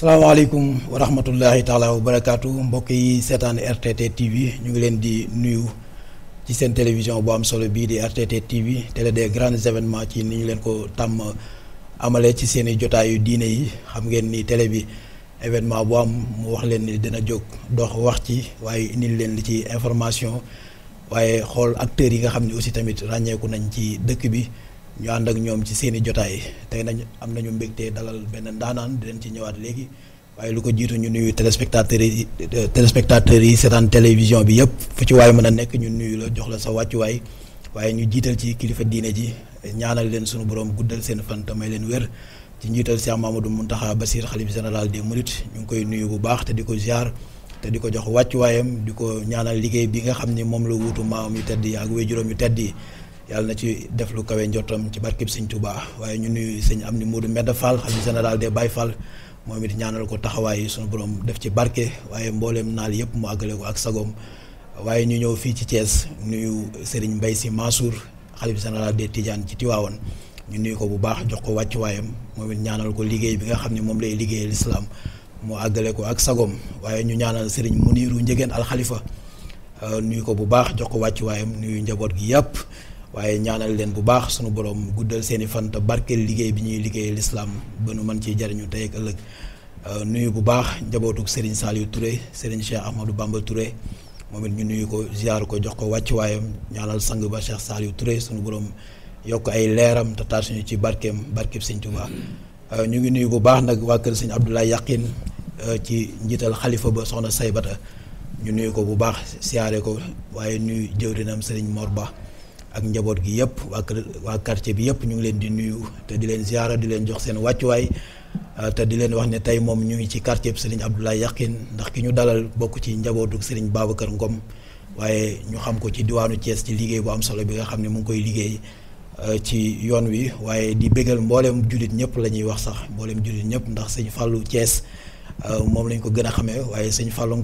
salaamaaleykum wa rahmatullahi taala wa barakaatu mbokk yi seetaan RTT TV ñu ngi leen di nuyu ci seen télévision bu am solo bii di RTT TV télé des grands événements ci ni ñu leen ko tàmm amalee ci seen i jotaayu diine yi xam ngeen ni télé bi événement bu am mu wax leen ni dina jóg dox wax ci waaye indi leen li ci information waaye xool acteurs yi nga xam ne aussi tamit ràññeeku nañ ci dëkk bi. ñu ànd ak ñoom ci seeni jotaay tey nañ am nañu mbégte dalal benn ndaanaan di leen ci ñëwaat léegi waaye lu ko jiitu ñu nuyu téléspectateurs yi euh, téléspectateurs yi seetaan télévision bi yëpp fu ci waay mën a nekk ñu nuyu la jox la sa wàccuwaay waaye ñu jiital ci kilifa diine ji ñaanal leen sunu borom guddal seen fan te may leen wér ci njiital Cheikh Mamadou Mountakha Bassir xalif général des Mourides ñu ngi koy nuyu bu baax te di ko ziar te di ko jox wàccuwaayam di ko ñaanal liggéey bi nga xam ni moom la wuutu maam yu tedd yi ak waajuram yu tedd yi yàlla na ci def lu kawe njottam ci bi sëñ Touba waaye ñu nuyu sëñ Amdi Modou Mbedd Fall xalifa général des Baye Fall moom it ñaanal ko taxawaay suñu borom def ci barke waaye mbooleem naal yëpp mu àggale ko ak sagoom waaye ñu ñëw fii ci Thiès nuyu Serigne Mbaye Sy Mansour xalifa général des Tidiane ci Tiwaawan ñu nuyu ko bu baax jox ko wàccuwaayam moom ñaanal ko liggéey bi nga xam ne moom lay liggéeyee lislaam mu àggale ko ak sagoom waaye ñu ñaanal Serigne Muniru Njëgeen Al Khalifa nuyu ko bu baax jox ko wàccuwaayam nuyu njaboot gi yàpp waaye ñaanal leen bu baax sunu borom guddal seeni i fan barkeel liggéey bi ñuy liggéey lislaam ba nu mën ci jariñu tey ak ëllëg euh, nuyu bu baax njabootug Serigne Saliou Touré Serigne Cheikh Ahmadou Bamba Touré moom it ñu nuyu ko ziar ko jox ko wàccuwaayam ñaanal sang ba Cheikh yu ture sunu borom yokk ay leeram te ñu ci barkeem barkeem Serigne Touba euh, ñu ngi nuyu bu baax nag waa kër Serigne Abdoulaye Yaqin euh, ci njiital xalifa ba soxna Saybata ñu nuyu ko bu baax siyaare ko waaye nuyu jëwrinam Serigne Mor Ba. ak njaboot gi yëpp waa kër waa quartier bi yëpp ñu ngi leen di nuyu te di leen ziara di leen jox seen wàccuwaay ah, te di leen wax ne tey moom ñu ngi ci quartier bi Serigne Abdoulaye Yakhine ndax ki ñu dalal bokk ci njabootu Serigne Babacar ngoom waaye ñu xam ko ci diwaanu Thiès ci liggéey bu am solo bi nga xam ne mu ngi koy liggéey ah, ci yoon wi waaye di bégal mbooleem jullit ñëpp la ñuy wax sax mbooleem jullit ñëpp ndax sëñ fàllu cees moom lañ ko gën a xamee waaye sëñ Fallou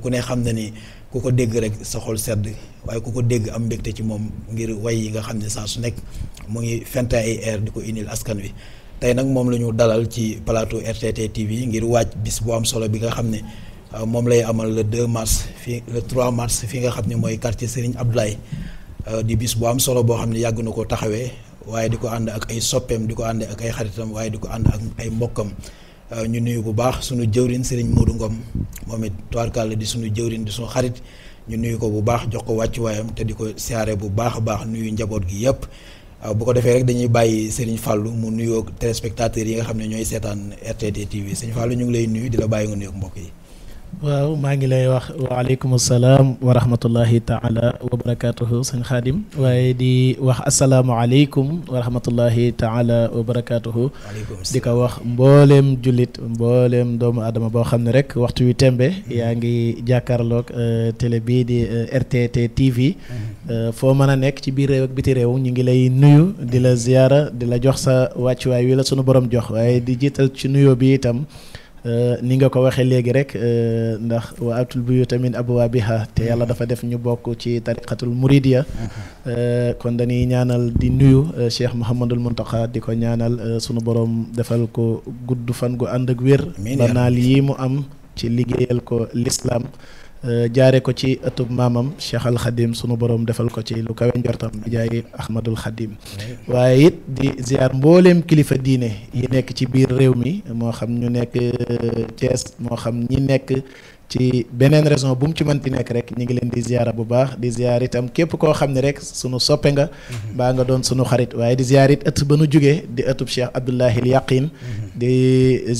ku ne xam na ni ku ko dégg rek sa xol sedd waaye ku ko dégg am mbégte ci moom ngir way yi nga xam ne saa su nekk mu ngi fente ay air di ko indil askan wi tey nag moom la ñu dalal ci palaatu RTT TV ngir waaj bis bu am solo bi nga xam ne euh, moom lay amal le 2 mars fi le 3 fi nga xam ne mooy quartier Serigne Abdoulaye euh, di bis boo am solo boo xam ne yàgg na ko taxawee waaye di ko ànd ak ay soppeem di ko ànd ak ay xaritam waaye di ko ànd ak ay mbokkam Euh, ñu nuyu bu baax sunu jëwrin Serigne Modou Ngom moom it tubaarkàlla di suñu jëwrin di sunu xarit ñu nuyu ko bu baax jox ko wàcc waayam te di ko siyaare bu baax a baax nuyu njaboot gi yëpp euh, bu ko defee rek dañuy bàyyi Serigne fàllu mu nuyoo téléspectateurs yi nga xam ne ñooy seetaan RTT TV Serigne Fallou ñu ngi lay nuyu di la bàyyi nga nuyoog mbokk yi. waaw maa ngi lay wax waaleykum salaam wa rahmatullahi taala wa barakaatuhu sëñ xaadim waaye di wax asalaamualeykum wa rahmatullahi taala wa barakaatuhu di ko wax mbooleem jullit mbooleem doomu aadama boo xam ne rek waxtu wi tembe yaa ngi jàkkaarloog euh, télé bii di euh, RTT TV mhm. euh, foo mën a nekk ci biir réew ak biti réew ñu ngi lay nuyu di la ziyaara di la jox sa wàccuwaay wi la sunu borom jox waaye di jiital ci nuyoo bi itam Euh, ni nga ko waxee léegi rek euh, ndax wa atul buyuta min abwaabiha te yàlla dafa def ñu bokk ci tariqatul muridiya mm-hmm. euh, kon dañuy ñaanal di nuyu Cheikh Mouhamadul Mountakha di ko ñaanal sunu boroom defal ko gudd fan gu ànd ak wér. ba yi mu am ci liggéeyal ko lislaam Euh, jaare ko ci ëttub maamam Cheikh Al Khadim sunu borom defal ko ci lu kawe njortam bi jaay Ahmadul Khadim waaye it di ziar mbooleem kilifa diine yi nekk ci biir réew mi moo xam ñu nekk euh, Thiès moo xam ñi nekk. ci beneen raison bu mu ci mënti nekk rek ñu ngi leen di ziyaara bu baax di ziyaar itam képp koo xam ne rek sunu soppe nga mhm. mbaa nga doon sunu xarit waaye di ziyaar it ëtt ba nu jugee di ëttub Cheikh Abdoulahil Yaqin mhm. di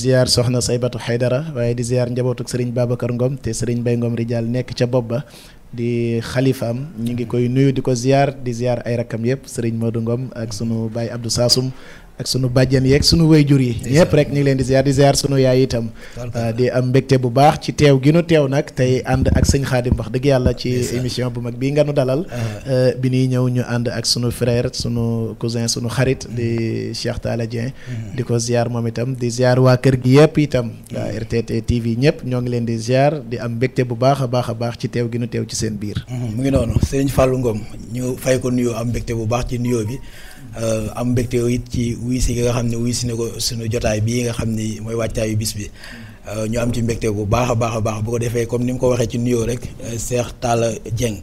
ziyaar soxna Saybatu Haydara waaye di ziyaar njabootuk Serigne Babacar ngoom te Serigne Mbaye Ngom Rijal nekk ca bopp ba di xalifaam ñu ngi koy nuyu di ko ziyaar di ziyaar ay rakkam yëpp Serigne Modou Ngom ak sunu baay Abdou Sassoum ak sunu bàjjen yeeg sunu jur yi ñëpp rek ñu ngi leen di ziar di ziar sunu yaay itam ah, di am mbégte bu baax ci teew gi nu teew nag tey ànd ak sëñ Xaadim wax dëgg yàlla ci émission bu mag bii nga dalal ah. eh, bi ñuy ñëw ñu ànd ak sunu frère sunu cousin sunu xarit di mm-hmm. Cheikh Talla Dieng mm-hmm. di ko ziar moom itam di ziar waa kër gi yëpp itam mm-hmm. waa RTT TV ñëpp ñoo ngi leen di ziar di am mbégte bu baax a baax a baax ci teew gi nu teew ci seen biir mu ngi noonu Serigne Fallou ngoom ñu fay ko nuyoo am mbégte bu baax ci nuyoo bi Euh, am mbégte it ci wuy si nga xam ne wuy si ne ko suñu jotaay bii nga xam ni mooy wàcc wàccaayu bis bi euh, ñu am ci mbégte bu baax a baax a baax bu ko defee comme ni mu ko waxee ci nuyoo rek euh, Cheikh Talla Dieng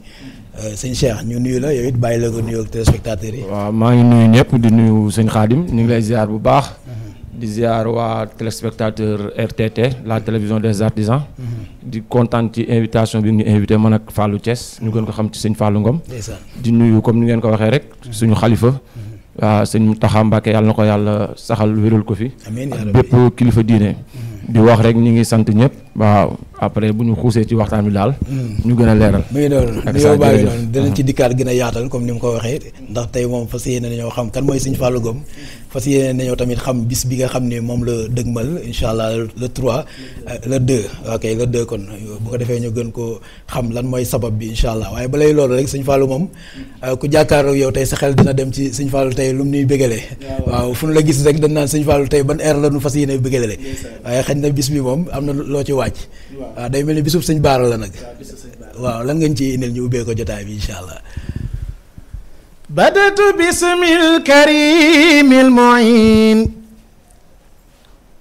sëñ Cheikh ñu nuyu la yow it bàyyi la ko nuyoo ak téléspectateurs yi. waaw maa ngi nuyu ñëpp di nuyu sëñ Xaadim ñu ngi lay ziar bu baax. Mm-hmm. di ziar waa téléspectateur RTT la télévision des artisans. Mm-hmm. di kontaan ci invitation bi ñu invité man ak Fallou Thiès ñu gën ko xam ci sëñ Fallou Ngom. di nuyu comme ni ngeen ko waxee rek suñu xalifa. Mm-hmm. waaw ah, sëñ Mountakha Mbacké yàlla na ko yàlla saxal wérul ko fi bépp kilifa diine mm-hmm. di wax rek ñu ngi sant ñëpp waaw après bu ñu xuusee ci waxtaan bi daal mm-hmm. ñu gën a leeral mu ngi noonu nuyoo baa ngi dinañ ci mm-hmm. dikkaat gën a yaatal comme ni mu ko waxee ndax tey moom fas yéene nañoo xam kan mooy ñu Fallou Ngom fas yéene nañoo tamit xam bis bi nga xam ne moom la dëgmal incha allah le 3 la 2 ok le 2 kon bu ko defee ñu gën koo xam lan mooy sabab bi incha allah waaye balay loolu rek suñ Fallou moom euh, ku jàkkaarloo yow tey sa xel dina dem ci suñ Fallou tey lu mu nuy bégalee waaw fu nu la gis rek dañ naan sëñ Fallou tey ban heure la nu fas yéene bégalee waaye xañ na bis bi moom am na loo ci wàcc waaw day mel ni bisub sëñ Baara la nag waaw lan ngeen ci indil ñu ubbee ko jotaay bi allah بدت باسم الكريم المعين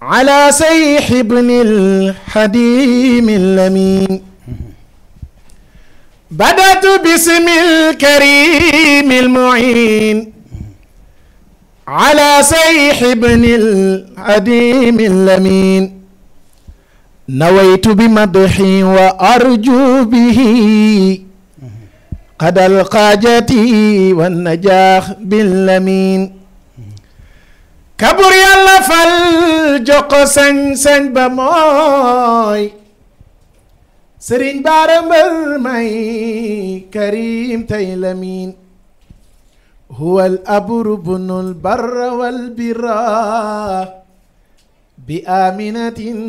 على سيح ابن الحديم اللمين بدت باسم الكريم المعين على سيح ابن الحديم اللمين نويت بمدحي وأرجو به قضى القاجة والنجاح باللمين kabur yàlla fal jox ko sañ-sañ ba mooy sëriñ baara mbër may karim tay lamin huwa al abru bunu l barra wal birra bi aminatin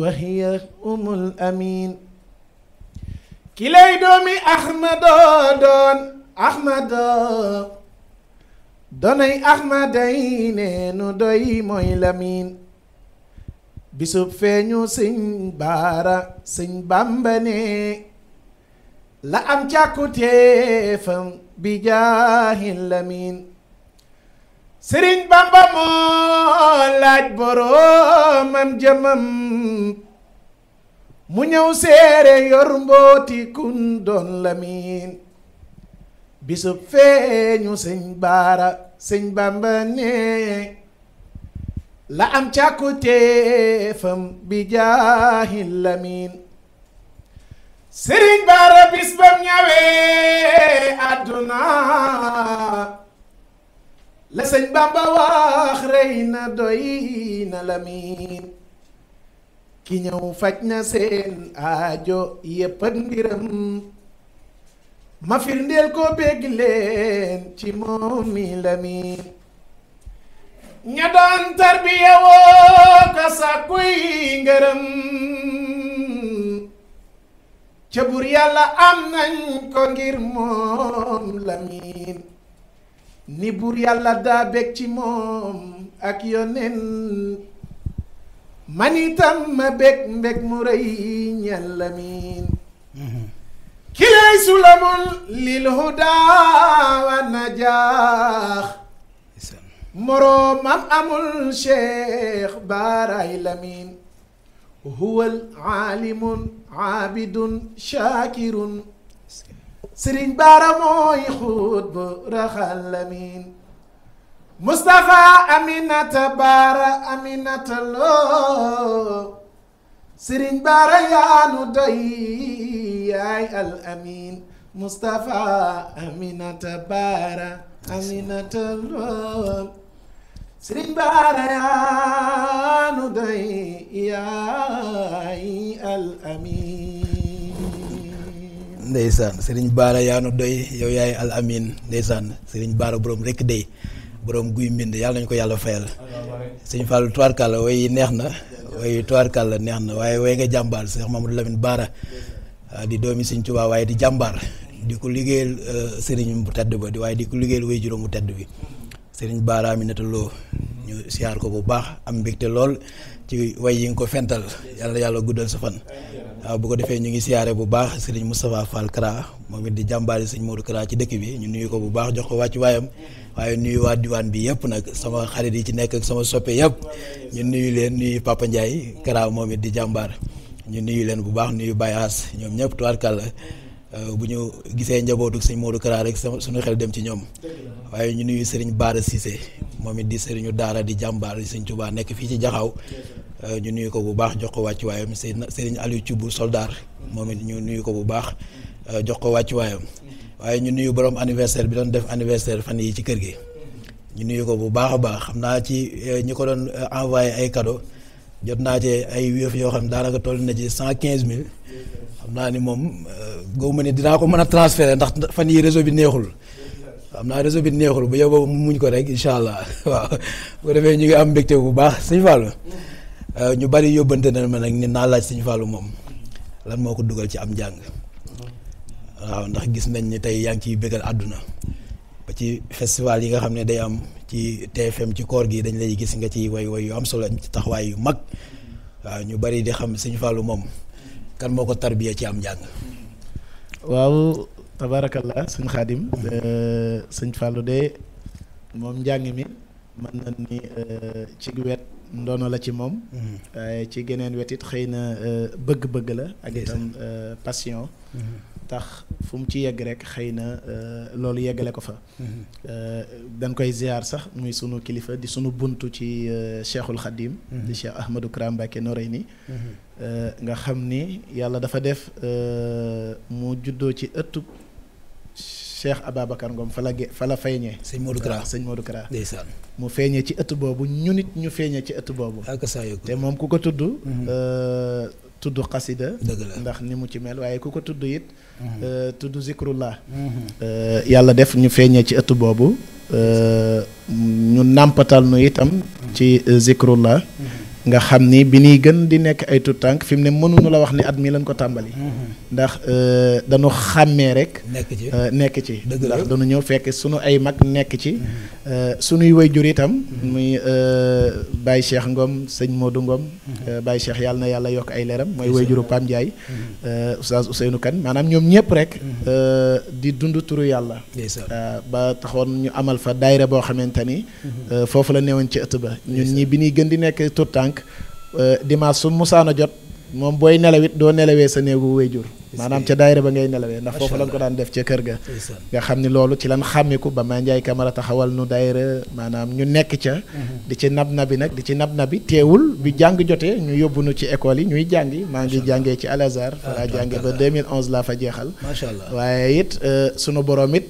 wa hiya umul amin kilay doomi ahmado doon ahmado donay ahmaday neenu doy mooy lamin bisub feeñu sëñ baara sëñ bàmbane la am càkkuteefam bi jaahin lamin sëriñ bàmba moo laaj boroomam jëmam mu ñëw seere yor mbooti kun doon lamiin bisub feeñu sëñ baara sëñ bamba ne la am càkkutéefam bi jaahi lamiin sëriñ baara bis bam ñawee àdduna la sëñ bamba wax rey na doy na lamiin ki ñëw faj na seen aajo yépp ak ma firndeel ko bégg leen ci moom mi lamin ña doon tarbiya woo ko sàkkuy ngërëm ca buur yàlla am nañ ko ngir moom lamin ni bur yàlla daa bég ci moom ak yonent man itam ma bég mbég mu rëy ñel lamin mhm. kilay sulamun lil huda wa najaax moroomam amul cheikh baaraay lamin huwal aalimun aabidun shaakirun sëriñ baara mooy xuut bu raxal lamin Moustapha Aminata Baara Aminata Lo Serigne Baara yaanu doy yaay al amin Moustapha Aminata Baara Aminata Lo Serigne Baara yaanu yaay al amin. Ndeysaan Serigne Baara yaanu doy rekk dey. borom guy mbind yàlla nañu ko yàlla fayal sëñ Fallou tubaarkàlla way neex na way tubaarkàlla neex na waaye way nga jàmbaar Cheikh Mamadou Lamine Bara ah, di doomi sëñ Tuubaa waaye di jàmbaar di ko liggéeyal euh, sëriñ bu tedd ba di waaye di ko liggéeyal way juróom bu tedd bi sëriñ Bara Aminata Lo ñu siyaar ko bu baax am mbégte lool ci way yi nga ko fental yàlla yàlla guddal sa fan bu ko defee ñu ngi siyaare bu baax sëriñ Moustapha Fall Kara moom it di jàmbaari sëñ Modou Kara ci dëkk bi ñu nuyu ko bu baax jox ko wàcc waayam waaye nuyu waa diwaan bi yëpp nag sama xarit yi ci nekk ak sama soppe yëpp ñu nuyu leen nuyu Papa Ndiaye Kara moom it di jàmbaar ñu nuyu leen bu baax nuyu Baye As ñoom ñëpp tubaarkàlla bu ñu gisee njabootu sëñ Modou Kara rek suñu xel dem ci ñoom waaye ñu nuyu sëriñ Baara Cissé moom it di sëriñu daara di jàmbaar sëñ Touba nekk fii ci Jaxaw Euh, ñu nuyu ko bu baax jox ko wàcc waayam Serigne Aliou Thioub soldaar moom it ñu nuyu ko bu baax euh, jox ko wàcc waayam waaye ñu nuyu borom anniversaire bi doon def anniversaire fan yi ci kër gi ñu nuyu ko bu baax a baax xam naa ci euh, ñi ko doon envoyé ay cadeau jot naa ci ay wéef yoo xam daanaka toll na ci cent quinze mille xam naa ni moom góob ma ni dinaa ko mën a transférer ndax fan yi réseau bi neexul xam naa réseau bi neexul bu yow boobu mu muñ ko rek incha allah waaw bu defee ñu ngi am mbégte bu baax sëñ Fallou Euh, ñu bari yóbbante na ma nag ni naa laaj Sëñ Fallou moom lan moo ko dugal ci am njàng waaw ndax gis nañ ni tey yaa ngi ciy bëggal àdduna ba ci festival yi nga xam ne day am ci TFM ci koor gi dañ lay gis nga ci way way yu am solo ci taxawaay yu mag waaw ñu bari di xam suñ Fallou moom kan moo ko tarbiya ci am njàng waaw tabarakallah sëñ xaadim euh, sëñ Fallou de moom njàng mi man na ni euh, ci wet ndono la ci moom. Mhm. waaye ci geneen wet it xëy na euh, bëgg-bëgg la. ak itam euh, passion. Mhm. tax fu mu ci yegg rek xëy na euh, loolu yeggale ko fa. Mhm. dañ koy ziar sax muy sunu kilifa di sunu bunt ci cheikhul xadim. di cheikh Ahmadou Kara Mbacké Noreyni. nga xam ni yàlla dafa def mu juddoo ci ëttub. Cheikh Ababacar Ngom fa la ge fa la feeñee. sëñ Modou Kara sëñ Modou Kara. ndeysaan mu feeñee ci ëtt boobu ñun it ñu feeñee ci ëtt boobu. te moom ku ko tudd. Mhm. Euh, tudd xasida ndax ni mu ci mel waaye ku ko tudd it mhm. euh, tudd zikrullah mhm. euh, yàlla def ñu feeñee ci ëtt boobu ñu nàmpatal nu itam ci zikrullah nga xam ni bi nuy gën di nekk ay tuut tànk fi mu ne mënuñu la wax ni at mi lañ ko tàmbali ndax euh, dañu xàmmee rek. nekk ci euh, nekk ci. ndax dañu ñëw fekk sunu ay mag nekk ci. Mhm. Euh, sunuy jur itam. Mhm. muy bàyyi Cheikh Ngom sëñ Modou Ngom. Mhm. Baye Cheikh yàlla na yàlla yokk ay leeram mooy wayjuru Pam Ndiaye. Oustaz Ousseynou kan maanaam ñoom ñëpp rek. di dund turu yàlla. ba taxoon ñu amal fa daayira boo xamante ni. foofu la newoon ci ëtt ba. ñun ñi bi ñuy gën di nekk tout tànk dimanche su musaana jot moom booy nelawit doo nelawee sa néegu wayjur maanaam ca daayira ba ngay nelawee ndax foofu lañ ko daan def ca kër ga nga xam ni loolu ci lan xàmmiku ba ma njaay kamara taxawal nu daayira maanaam ñu nekk ca mhm. di ci nab nabi nag di ci nab nabi teewul bi jàng jotee ñu yóbbu nu ci école yi ñuy jàngi maa ngi jàngee ci Al Azhar fa laa ah, jànge ba 2011 laa fa jeexal waaye it euh, sunu borom it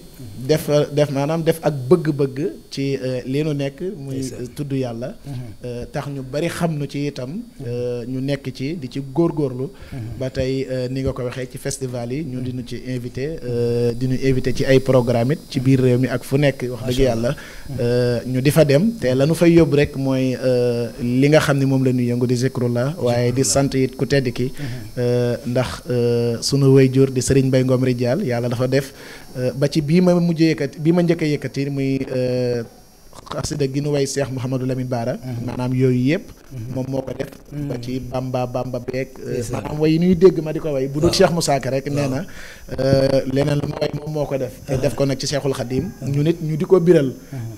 def def maanaam def ak bëgg-bëgg ci euh, li nu nekk muy tudd yàlla mm-hmm. euh, tax ñu bari xam nu ci itam euh, ñu nekk ci di ci góor góorlu mm-hmm. ba tey ni nga ko waxee ci festival yi ñu mm-hmm. dinu ci invité dinu invité ci ay programme ci biir réew mi ak fu nekk wax dëgg yàlla ñu di fa dem te lañu fay yóbbu rek mooy li nga xam ni moom la ñu yëngu di zikrullah waaye di sant it ku tedd ki ndax sunu wayjur di sëriñ Mbaye Ngom Ridial yàlla dafa def ba ci bii ma mujjee yëkkati bii ma njëkk a yëkkati muy euh, xasida gi nu way seex Mouhamadou Lamine Bara mhm. maanaam yooyu yëpp mhm. moom moo ko def ba ci mhm. bamba bamba beeg euh, maanaam way yi nuy dégg ma di ko way bu dul Cheikh Moussa Ka rek nee na euh, leneen la ma way moom moo ko def te def ko nag ci Cheikhul Khadim ñu nit ñu di ko biral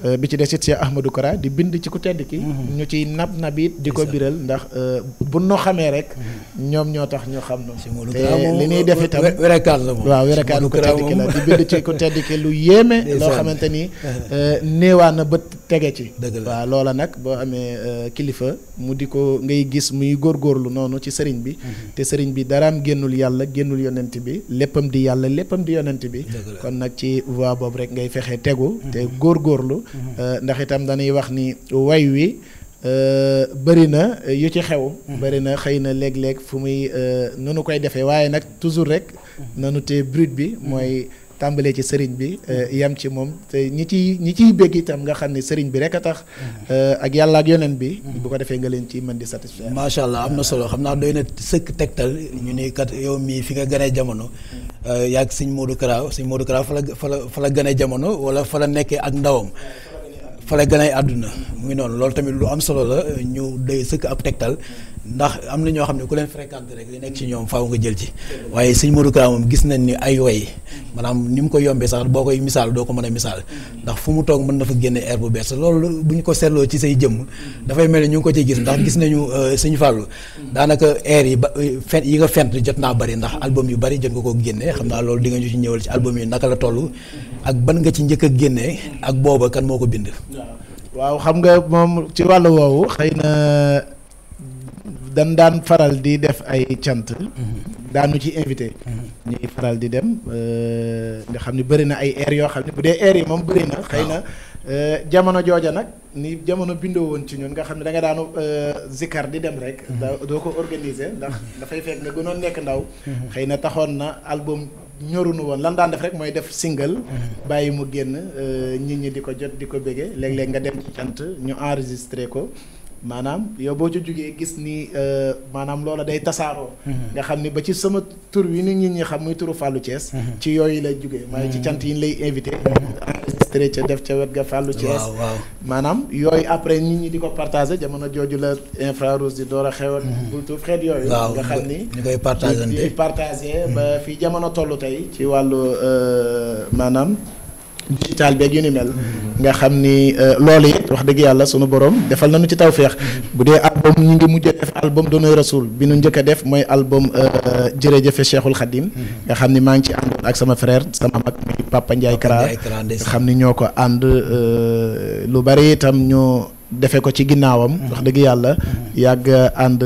euh, bi ci des it Cheikh Ahmadou Kara di bind ci ku tedd ki ñu ciy nab nabit di ko biral ndax bu nu xamee rek ñoom ñoo tax ñu xam na te li ñuy def itam wérekaan la moom waaw wérekaan ku tedd ki la di bind ci ku tedd ki lu yéeme loo xamante ni néewaa na bët lépp tege ci. waaw loola nag boo amee euh, kilifa mu di ko ngay gis muy góorgóorlu noonu ci sëriñ bi. Mhm. te sëriñ bi daraam génnul yàlla génnul yonent bi léppam di yàlla léppam di yonent bi. kon nag ci voie boobu rek ngay fexe tegu. Mhm. te góorgóorlu. Mhm. Euh, ndax itam dañuy wax ni way wi. Euh, bëri na yu ci xew bëri xëy na léeg-léeg fu muy nu nu koy defee waaye nag toujours rek nanu te brut bi mooy tàmbalee ci sëriñ bi euh, yem ci moom te ñi ciy ñi ciy bégg itam nga xam ne sëriñ bi rek a tax euh, ak yàlla ak bi bu ko defee nga leen ci mën di satisfaire macha allah am na solo xam naa doy na sëkk tegtal ñu ne kat yow mii fi nga a jamono euh, yaag sëñ Modou Kara sëñ Modou Kara fa la fa la fa la gënee jamono wala fa la nekkee ak ndawam fa la gënee àdduna mu ngi noonu loolu tamit lu am solo la ñu doy sëkk ab tegtal ndax am na ñoo xam ne ku leen fréquenté rek li nekk ci ñoom faaw nga jël ci waaye sëñ Modou Kara gis nañ ni ay way maanaam ni mu ko yombee sax boo koy misaal doo ko mën a misaal ndax fu mu toog mën na fa génne air bu bees loolu bu ñu ko seetloo ci say jëmm dafay mel ni ñu ngi ko ciy gis ndax gis nañu euh, sëñ Fallou daanaka air yi ba euh, yi nga fent jot naa bari ndax album yu bari jot nga ko génne xam naa loolu di nga ñu ci ñëwal ci album yi naka la toll ak ban nga ci njëkk a génnee ak booba kan moo ko bind waaw xam nga dañ daan faral di def ay cant mm-hmm. daanu ci invité mm-hmm. ñuy faral di dem euh, nga xam ne bëri na ay air yoo xam ne bu dee air yi moom bëri ah. xëy na euh, jamono jooja nag ni jamono bindoo woon ci ñun nga xam ne da nga daanu euh, zikar di dem rek mm-hmm. doo ko organiser ndax dafay fekk nga gënoon nekk ndaw xëy na taxoon na album ñorunu woon lan daan def rek mooy def single bàyyi mu génn nit ñi di ko jot di ko bége léeg-léeg nga dem ci cant ñu enregistré ko maanaam yow boo ci jógee gis ni euh, maanaam loola day tasaaroo. Mm-hmm. nga xam ni ba ci sama tur wi nit ñi xam muy turu fàllu Thiès. Mm-hmm. ci yooyu lay jógee. maa ci mm-hmm. cant yi lay invité. enregistré ca def ca wet ga Fallou Thiès. maanaam yooyu après nit ñi di ko partagé jamono jooju la infrarouge di door a xew ak. bultuuf xeet yooyu. nga xam ni ñu koy partagé ba fi jamono toll tey. ci wàllu euh, maanaam. digital beeg yu ni mel. nga xam ni euh, loolu it wax dëgg yàlla sunu borom defal nañu ci tawféex. bu dee album ñu ngi mujj def album doonay rasul bi nu njëkk a def mooy album euh, jërëjëfe Cheikhul Khadim. nga xam ni maa ngi ci àndoon ak sama frère sama mag muy Papa Ndiaye Kara nga xam ni ñoo ko ànd euh, lu bari itam ñoo defe ko ci ginnaawam. wax dëgg yàlla yàgg ànd.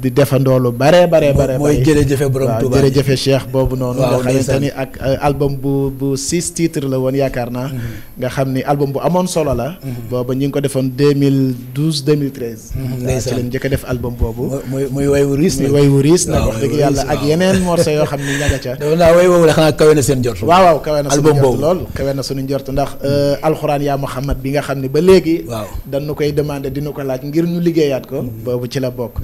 di defandoo lu bare bare bare mooy jërëjëfe borom Touba jërëjëfe Cheikh boobu noonu nga xamante ni ak euh, album bu bu six titres la woon yaakaar naa mhm. nga xam ni album bu amoon solo la mhm. booba ngi ko defoon 2012 2013 mhm, waaw ci lañ njëkk a def album boobu muy way wu riis muy way wu yàlla ak yeneen morceau yoo xam ni ñaga ca na seen njort waaw waaw kawe na album boobu lool kawe na suñu njort ndax euh, alxuraan yaa Muhammad bi nga xam ne ba léegi waaw dañu koy demandé dina ko laaj ngir ñu liggéeyaat ko boobu ci la bokk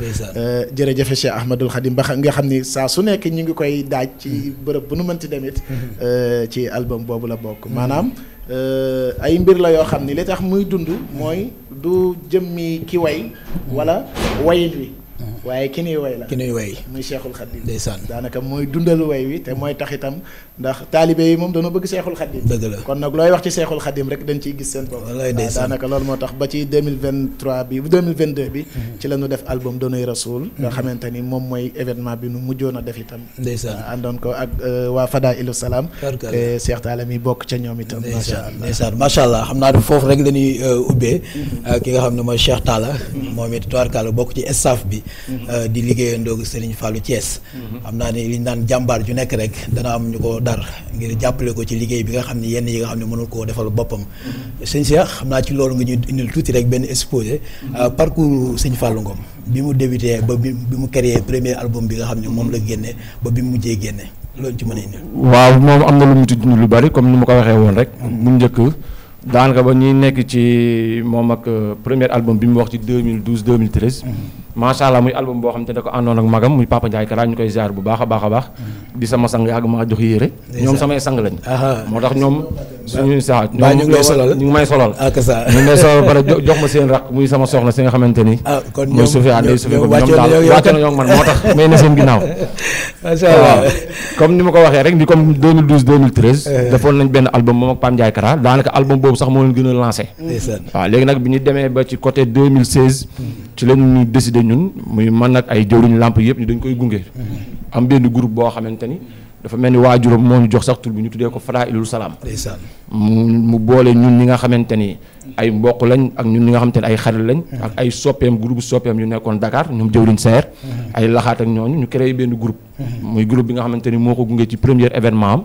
jërëjëf si Ahmadul Khadim ba nga xam ni saa su nekk ñu ngi koy daaj ci mm-hmm. bërëb bu nu mënti demit mm-hmm. euh, ci album boobu la bokk mm-hmm. maanaam euh, ay mbir la yoo xam ni li tax muy dund mooy du jëm mi ki way wala wayit wi waaye ki nuy way la ki nuy way muy Cheikhul Khadim ndeysaan daanaka mooy dundal way wi te mooy tax itam ndax taalibe yi moom dañoo bëgg Cheikhul Khadim dëgg la kon nag looy wax ci Cheikhul Khadim rek dañ ciy gis seen bopp wallaay ndeysaan daanaka loolu moo tax ba ci 2023 bi 2022 bi mhm. ci la ñu def album donoy rasul mhm. nga xamante ni moom mooy événement bi nu mujjoon a def itam ndeysaan àndoon ko ak euh, waa Fada Ilu Salaam te Cheikh Talla mi bokk ca ñoom itam macha allah ndeysaan macha allah xam naa foofu rek la ñuy euh, ubbee mhm. euh, ki nga xam ne mooy Cheikh Talla moom it tubaarkàlla bokk ci staff bi Euh, di liggéeyandoo ak Serigne fàllu cees mhm. am naa ne li ñu naan jàmbaar ju nekk rek dana am ñu ko dar ngir jàppale ko ci liggéey bi nga xam ne yenn yi nga xam ne mënul koo defal boppam. Mhm. sëñ Cheikh xam naa ci loolu nga ñu indil tuuti rek benn exposé. Mhm. Euh, parcours sëñ fàllu ngoom bi mu débuté ba bi mu créé premier album bi nga xam ne moom la génne ba bi mu mujjee génne loolu ci mën a indil. waaw moom am na lu mu tudd lu bari comme ni ma ko waxee woon rek. mu njëkk. daanaka ba ñuy nekk ci moom ak euh, premier album bi mu wax ci 2012 2013. macha allah muy album boo xam te da ko àndoon ak magam muy Papa Ndiaye Kara ñu koy ziar bu baax a baax a baax mm. di sama sang yàgg maa jox yére ñoom samay sang lañ ah, ah. moo tax ñoom suñu saa ñu ngi lay solal ñu may solal ah, nga xamante ni muy na ñoom man moo tax may na seen ginnaaw macha comme ni ma ko waxee rek ni comme 2012 2013 eh, eh. defoon nañ benn album moom ak Pam Ndiaye Kara daanaka album boobu sax moo leen gën a lancé waaw léegi nag bi ñu demee ba ci côté 2016 mm. ci lañu ñun muy man ak ay jëwriñu làmp yëpp ñu dañ koy gunge. Mm-hmm. am benn group boo xamante ni dafa mel ni waajuram moo ñu jox sax tur bi ñu tuddee ko Faraa ilul Salaam. mu boole ñun ñi nga xamante ni ay mboq lañ ak ñun ñi nga xamante ay xarit lañ. Mm-hmm. ak ay soppeem groupe soppeem yu nekkoon Dakar ñoom jëwriñ seer. Mm-hmm. ay laxaat ak ñooñu ñu créé benn groupe. muy groupe bi nga xamante ni moo ko gunge ci premier événement am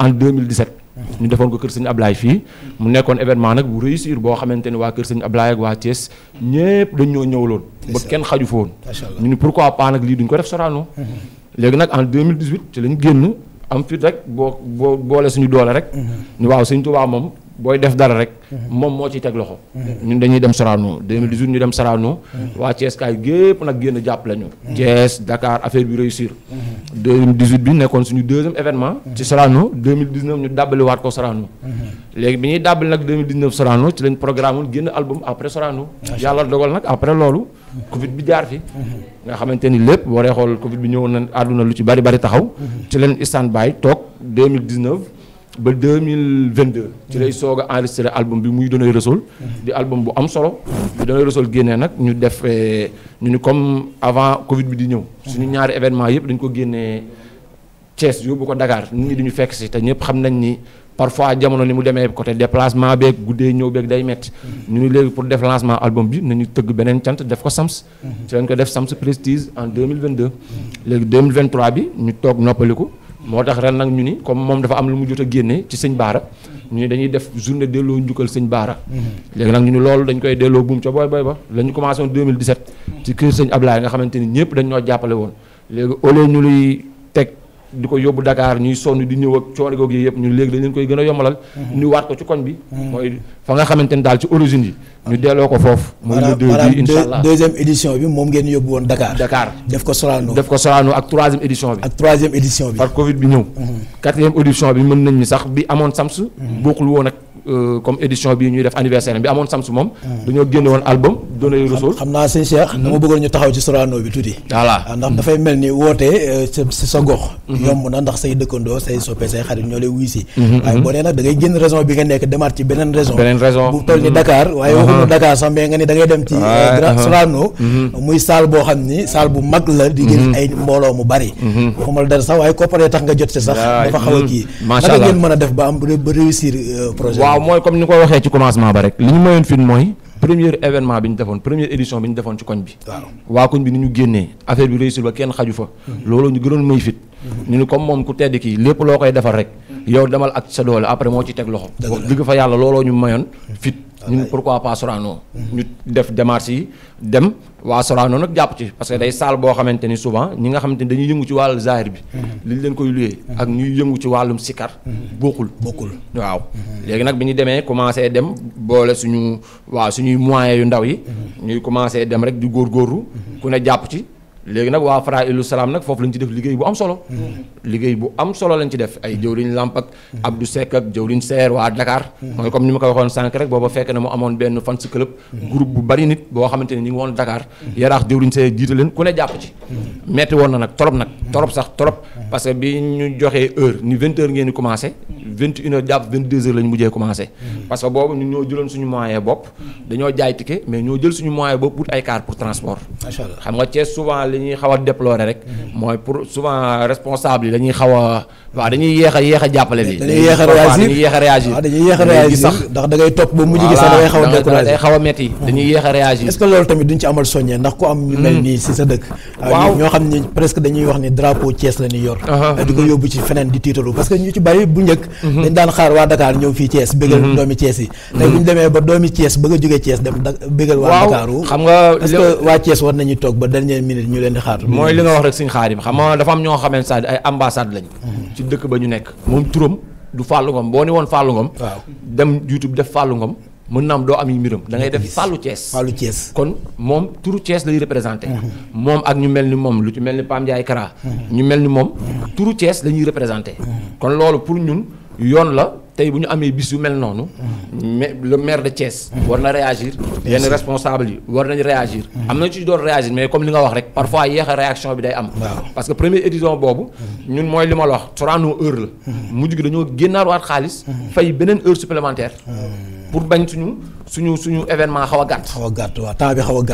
en 2017. ñu defoon ko kër sëñ ablaay fii mu nekkoon événement nag bu réussir boo xamante ni waa kër sëñ Ablaye ak waa Thiès ñëpp ñëw ñëw ñëwloon ba kenn xaju foon ñu ni pourquoi pas nag lii duñ ko def Sorano mhm. léegi nag en mille 2018 ci lañ génn am fit rek boo boo boole suñu doolee rek ñu mhm. waaw sëñ Tuubaa moom booy def dara rek. Mhm. moom moo ciy teg loxo. ñun dañuy dem Sorano 2018 ñu dem Sorano. Mhm. waa Thiès gépp nag génn jàpp ñu. Mhm. Thiès Dakar affaire bi réussir. 2018 bi nekkoon suñu deuxième événement. ci Sorano 2019 ñu waat ko Sorano. léegi bi ñuy dàbbali nag 2019 Sorano ci lañ programme woon génn album après Sorano. yàlla dogal nag après loolu. Covid bi jaar fi. nga xamante ni lépp boo dee xool Covid bi ñëwoon na àdduna lu ci bari bari taxaw. ci leen stand by toog 2019. ba deux mille vingt deux ci lay soog a enregistré album bi muy Donneur Rasoul di album bu am solo. bi Donneur Rasoul génnee nag ñu def eh, ñu ni comme avant Covid bi di ñëw. suñu ñaari événement yëpp dañ ko génnee Thiès yóbbu ko dakaar nit ni di ñu fekk si te ñëpp xam nañ ni. parfois jamono li mu demee côté déplacement beeg guddee ñëw beeg day metti ñu ni léegi pour def lancement album bi ñu tëgg beneen cant def ko sams ci lañ ko def sams prestige en 2022 léegi 2023 bi ñu toog noppaliku moo tax ren nag ñu ni comme moom dafa am lu mu jot a génne ci sëñ Baara ñu ni dañuy def journée delloo njukkal sëñ Baara léegi nag ñu ni loolu dañ koy delloo buum ca booy booy ba la ñu commencé woon 2017 ci kër sëñ Ablaye nga xamante ni ñëpp dañ ñoo jàppale woon léegi au lieu ñu luy teg di ko yóbbu Dakar ñuy sonn di ñëw ak coono googu yëpp ñun léegi dañ koy gën a yombalal. Mhm. ñu waat ko ci koñ bi. Mhm. mooy fa nga xamante ni daal ci origine yi. ñu delloo ko foofu. mooy le deux bi incha allah deuxième édition bi moom ngeen yóbbu woon Dakar. Dakar def ko Sorano. def ko Sorano ak troisième édition bi. ak troisième édition bi. Mhm. mën nañ sax bi amoon Sams. bokkul woon ak. Euh, comme édition bi ñuy def anniversaire bi amoon Samsu moom. dañoo génne album donné Rasoul. xam naa sëñ Cheikh. Hmm. bëggoon ñu taxaw ci Sorano bi tuuti. voilà ah, ndax dafay mel ni wootee euh, si sa gox. Hmm. yomb na ndax say dëkkandoo say soppe say xarit ñoo lay wuy si. Hmm, waaye boo nee nag da ngay génn raison bi nga nekk demaat ci beneen raison. beneen raison bu toll ni Dakar. waaye waxuñu Dakar sax mais nga ni da ngay dem ci. Euh, grand uh-huh. Sorano. muy salle boo xam ni salle bu mag la. di gën ay mbooloo mu bari. waxuma la dara sax waaye kopparee tax nga jot ci sax. dafa xaw a kii. macha allah a waaw mooy comme ni ko waxee ci commencement ba rek li ñu mayoon fin mooy premier événement bi ñu defoon première édition bi ñu defoon ci koñ bi waa koñ bi ni ñu génnee affaire bi réussir ba kenn xaju fa mhm. loolu ñu gënoon may fit mhm. ñu ni comme moom ku tedd kii lépp loo koy defar rek yow demal ak sa doole après moo ci teg loxo wax dëgg fa yàlla looloo ñu mayoon fit pour pourquoi pas Sorano ñu def démarche yi dem waa Sorano nag jàpp ci parce que day saal boo xamante ni souvent ñi nga xamante ni dañuy yëngu ci wàllu zahir bi liñ leen koy luyee ak ñuy yëngu ci wàllum sikar bokkul bokkul waaw léegi nag bi ñu demee commencé dem boole suñu waaw suñuy moyens yu ndaw yi ñuy commencé dem rek di góorgóorlu ku ne jàpp ci léegi nag waa Fra Ilou salaam nag foofu lañ ci def liggéey bu am solo. liggéey bu am solo lañ ci def ay jëwriñ Lamp ak Abdou Seck ak jëwriñ Seer waa dakaar mooy comme ni ma ko waxoon sànq rek booba fekk na mu amoon benn fans club. groupe bu bari nit boo xamante ne ñu ngi woon Dakar. yaraax jëwriñ Seer jiite leen ku ne jàpp ci. metti woon na nag torop nag torop sax torop. parce que bi ñu joxee heure ni vingt heures ngeen di commencé. vingt une heures jàpp vingt deux heures lañ mujjee commencé. parce que boobu ñun ñoo jëloon suñu moyen bopp. dañoo jaay ticket mais ñoo jël suñu moyen bopp pour ay car pour transport. macha allah xam nga Thiès souvent li ñuy xaw a déplorer rek. mooy pour souvent responsable yi dañuy xaw a. waaw dañuy yéex a jàppale bi dañuy yéex a réagir dañuy yéex a réagir dañuy yéex a réagir ndax da topp ba mujj gi sax da ngay a découragé day metti dañuy yéex réagir est loolu tamit duñ ci amal soññee ndax ku am ñu mel hmm. nii si sa dëkk waaw ñoo xam ne presque dañuy wax ni drapeau Thiès la ñuy yor uh-huh. di ko hmm. yóbbu ci feneen di tiitalu parce que ñu ci bari bu njëkk hmm. dañ daan xaar waa Dakar ñëw fii Thiès bégal doomi Thiès yi tey bu ñu demee ba doomi Thiès bëgg a jógee Thiès ba dernière minute leen di xaar mooy li nga wax rek suñ xaarim xam nga dafa dëkk ba ñu nekk moom turam du Fallou Ngom boo ne woon Fallou Ngom dem YouTube def Fallou Ngom mën naam doo am yi mbiram da ngay def Fallou Thiès Fallou Thiès kon moom turu Thiès lay représenté mhm. moom ak ñu mel ni moom lu ci mel ni Pam Ndiaye Kara mhm. ñu mel ni moom turu Thiès la ñuy représenté mhm. kon loolu pour ñun yoon la tey bu ñu amee bis yu mel noonu. mais le maire de Thiès. war na réagir yenn responsable yi war nañ réagir. Mm. am na ci doon réagir mais comme li nga wax rek parfois yéex a réaction bi day am. parce que première édition boobu. Mm. ñun mooy li ma la wax 30 heures la. Mm. mujj gi dañoo génnaawaat xaalis. fay beneen heure supplémentaire. pour bañ suñu suñu suñu événement xaw a gàtt. xaw a gàtt waaw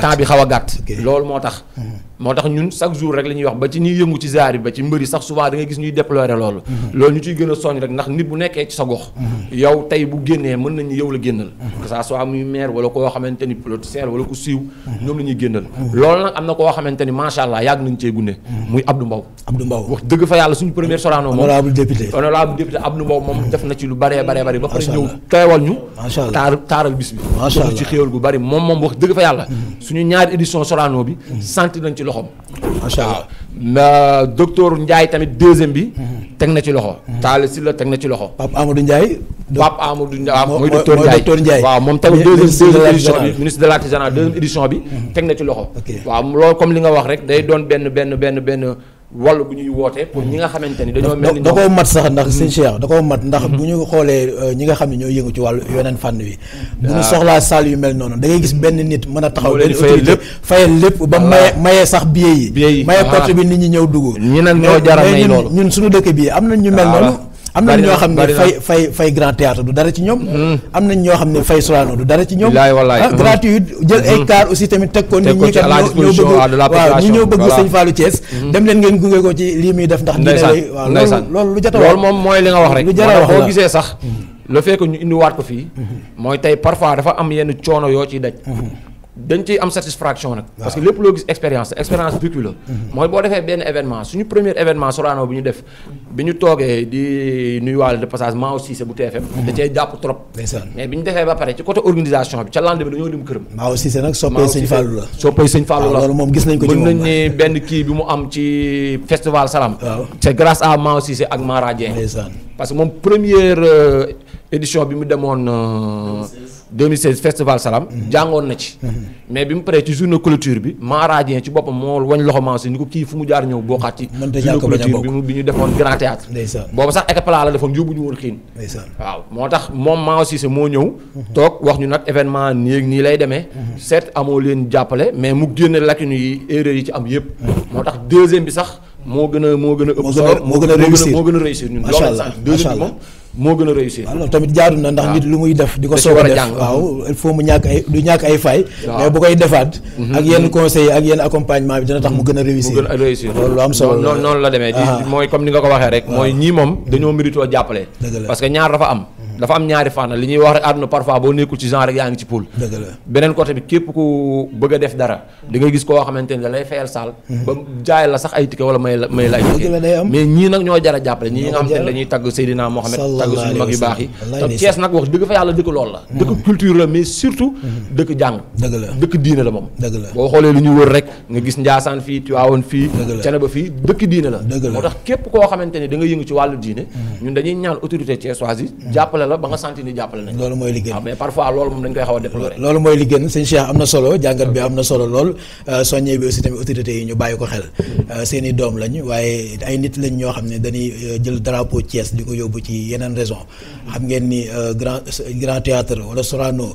temps bi xaw a gàtt. bi xaw a gàtt. loolu moo tax. moo tax ñun chaque jour rek la ñuy wax ba ci ñuy yëngu ci zaar yi ba ci mbëri sax souvent da gis ñuy déplorer loolu mhm. loolu ñu ciy gën a soñ rek ndax nit bu nekkee ci sa gox mhm. yow tey bu génnee mën nañu yow la génnal mhm. que ça soit muy maire wala koo xamante ni politicien wala ku siiw ñoom la ñuy génnal loolu nag am na koo xamante ni macha allah yàgg nañ cee gunde muy Abdou Mbow wax dëgg fa yàlla suñu premier Sorano moom moom def na ci lu baree ba pare ñëw teewal ñu wax dëgg fa yàlla suñu ñaari loxoom. macha allah waaw docteur Ndiaye tamit deuxième bi. teg na ci loxo. Talla Sylla teg na ci loxo. Pape Amadou Ndiaye. Pape Amadou Ndiaye mooy docteur Ndiaye waaw moom tamit deuxième deuxième de la ministre de l'artisanat mm-hmm. bi. Mm-hmm. teg na ci loxo. waaw loolu comme li nga wax rek day doon benn benn benn. wàllu bu ñuy wootee pour ñi nga xamante ni dañoo mel ni mat sax ndax mm. sëñ Cheikh da mat ndax mm-hmm. bu ñu xoolee euh, ñi nga xam ne ñoo yëngu ci wàllu yeneen fànn wi mm-hmm. ah. soxlaa salle yu mel noonu da gis benn nit mën a taxaw benn autorité fayal lépp ba maye maye sax billet yi maye bi nit ñi ñëw dugg ñi nag jara may loolu ñun suñu dëkk bi am na ñu mel noonu am na ñoo xam ne fay fay fay grand théâtre du dara ci ñoom hmm. am nañ ñoo xam ne fay Sorano du dara ci ñoom ah, hmm. gratuite jël ay hmm. car aussi tamit teg ko nit ñi kat ñoo bëgg waaw ñi ñoo bëgg sëñ Fallou Thiès dem leen ngeen gunge ko ci lii muy def ndax diine lay waaw loolu lu jot a wax loolu moom mooy li nga wax rek lu a wax boo gisee sax le fait que ñu indiwaat ko fii mooy tey parfois dafa am yenn coono yoo ci daj dañ ciy am satisfaction nag. parce que lépp loo gis expérience expérience vécue la. Mhm. mooy boo defee benn événement suñu premier événement Sorano bi ñu def. bi ñu toogee di nuyuwaale de passage maa aussi Cissé bu TFM. Mhm. da cee jàpp trop. mais bi ñu defee ba pare ci côté organisation bi ca lendemain dañoo dem këram. maa aussi Cissé nag soppay sëñ Fallou la. kii bi mu am ci festival Salam. waaw c'est à maa aussi Cissé ak Mara Dieng. parce que moom première euh, édition bi mu demoon. Euh, 2016 festival Salam. jàngoon na ci. mais bi mu paree ci journée culture bi. maaraadien ci boppam moo wañ loxo Mansour ni ko kii fu mu jaar ñëw boo xaat ci. journée culture bi mu bi ñu defoon grand théâtre boobu sax Ekapla la defoon yóbbu ñu woon xiin. waaw moo tax moom Mansour Cissé moo ñëw. toog wax ñu nag événement nii nii lay demee. certes amoo leen jàppale mais mu génne lacune yi erreur yi ci am yëpp. moo tax deuxième bi sax moo gën a moo gën a. moo gën a moo gën a réussir moo gën a réussir ñun. macha allah moo gën a réussir. tamit jaadu na ndax nit lu muy def. di ko soog a def waaw il mu ñàkk ay du ñàkk ay faay. mais bu koy defaat. Mhm. ak yenn conseil ak yenn accompagnement bi dina tax mu gën a mhm. réussir. gën a réussir loolu lu am solo la la demee. mooy comme ni nga ko waxee rek. mooy ñii moom dañoo mérito jàppale. parce que ñaar dafa am. dafa am ñaari fànn li ñuy wax rek àdduna parfois boo nekkul ci genre yaa ngi ci pool beneen côté bi képp ku bëgg a def dara di gis koo xamante ni da lay fayal saal hmm. la sax ay ticket wala may la may la ay ticket mais ñii nag ñoo a jàppale ñii nga xam te ne dañuy tagg Seydina Mohamed tagg suñu mag yu baax yi te Thiès nag wax dëgg fa yàlla dëkk lool la hmm. dëkk culture la mais hmm. la moom boo xoolee képp koo xamante ni da nga yëngu ci wàllu diine ñun jàppale jàppale la ba nga sentir ni jàppale nañ loolu mooy li gën ah, mais parfois loolu moom dañ koy xaw a déplorer loolu mooy li gën sëñ Cheikh am na solo jàngat bi am na solo lool euh, soññee bi aussi tamit autorités yi ñu bàyyi ko xel euh, seen i doom lañ waaye ay nit lañ ñoo xam ne dañuy euh, jël drapeau Thiès di ko yóbbu ci yeneen raison xam ngeen ni grand théâtre wala Sorano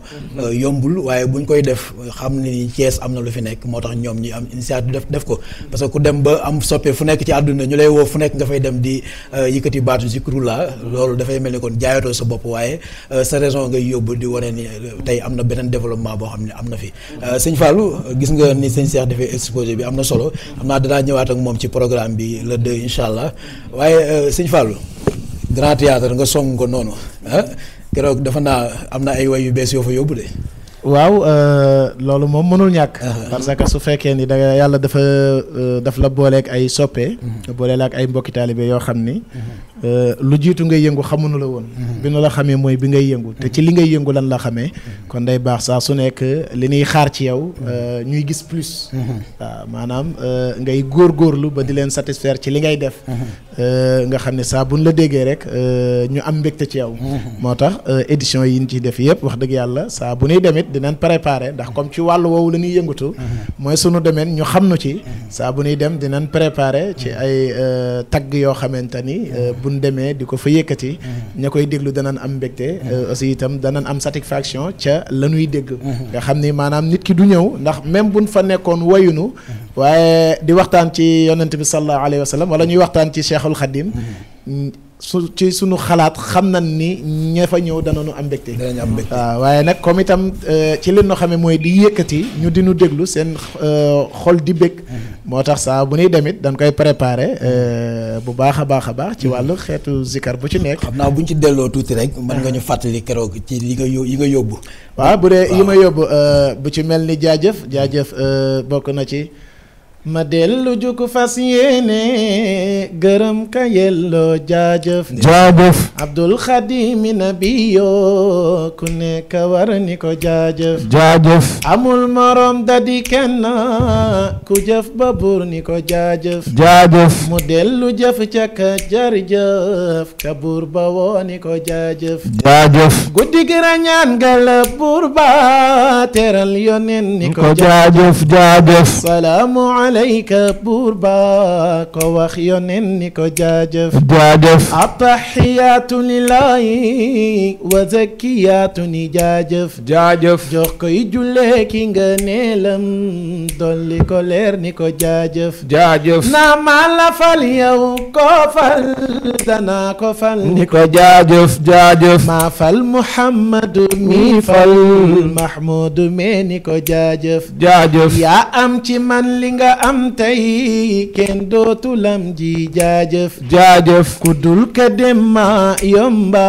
yombul waaye buñ koy def xam ni Thiès am na lu fi nekk moo tax ñoom ñi am initiative def def ko parce ku dem ba am soppe fu nekk ci àdduna ñu lay woo fu nekk nga fay dem di yëkkati baatu zikrullah loolu dafay mel waaye euh, sa raison ngay yóbbu di wane nii euh, tey am na beneen développement boo xam ne am na fi euh, sëñ Fallou gis nga ni sëñ Cheikh dafay exposé bi am na solo am naa danaa ñëwaat ak moom ci programme bi la deux incha allah waaye sëñ Fallou grand théâtre nga song ko noonu ah keroog dafa naa am na ay way yu bees yoo fa yóbbu de. waaw loolu moom mënul ñàkk. Ah, ah. parce que su fekkee ni da yàlla dafa daf la booleeg ay soppe. Mm-hmm. booleel ay mbokki taalibe yoo xam ni. Mm-hmm. Euh, lu jiitu ngay yëngu xamuñu la woon. Mhm. bi nu la xamee mooy bi ngay yëngu. te ci li ngay yëngu lan la xamee. Mhm. kon day baax saa su nekk li ñuy xaar ci yow. Mhm. Euh, ñuy gis plus. waaw maanaam euh, ngay góor góorgóorlu ba di leen satisfaire ci li ngay def. nga xam ne saa buñ la déggee rek ñu am mbégte ci yow. moo tax édition yi ñu ciy def yëpp wax dëgg yàlla saa bu ñuy demit dinañ préparer ndax comme ci wàllu woowu la ñuy mooy sunu domaine ñu xam nu ci. saa bu ñuy dem dinañ préparer ci ay tagg yoo xamante ni. bu ñu demee di ko fa yëkkati. Mm-hmm. ña koy déglu danañ am mbégte. Mm-hmm. Euh, aussi itam danañ am satisfaction ca la ñuy dégg. Mm-hmm. nga xam ni maanaam nit ki du ñëw ndax même bu fa nekkoon wayunu waaye di waxtaan ci yonent bi sallallahu alayhi wa sallam wala ñuy waxtaan ci Cheikhul Khadim. su ci suñu xalaat xam nañ ni ña fa ñëw danañu am mbégte. danañ am mbégte waaw waaye nag comme itam euh, ci li ñu xamee mooy di yëkkati ñu di ñu déglu seen euh, xol di bég. Mhm. moo tax saa bu ñuy demit dañ koy préparer euh, bu baax a baax a baax. ci mhm. wàllu xeetu zikar bu ci nekk. xam naa bu ñu ci delloo tuuti rek. mën nga ñu fàttali keroog ci li nga yi nga yóbbu. waa bu dee yi ma yóbbu bu ci mel ni jaajëf jaajëf bokk na ci. ma dellu jukk fas yéene gërëm ka yelloo jaajëf jaajëf abdul xadimi nabiyoo ku nekk war ni ko jaajëf jaajëf amul morom dadi kenn ku ka jarjëf ka ko jaajëf guddi gi rañaan nga teral yonen ni ko jaajëf jaajëf alayka buur ba ko wax yonen ni ko jaajëf jaajëf attaxiyaatu lillahi wa zakkiyaatu ni ki nga neelam dolli ko leer ni ko jaajëf jaajëf naa ma fal muhammadu mi fal mahmudu mee ni ko jaajëf jaajëf yaa am ci man li am tey kenn dootulam ji jaajëf jaajëf ku dul ka dem ma yomba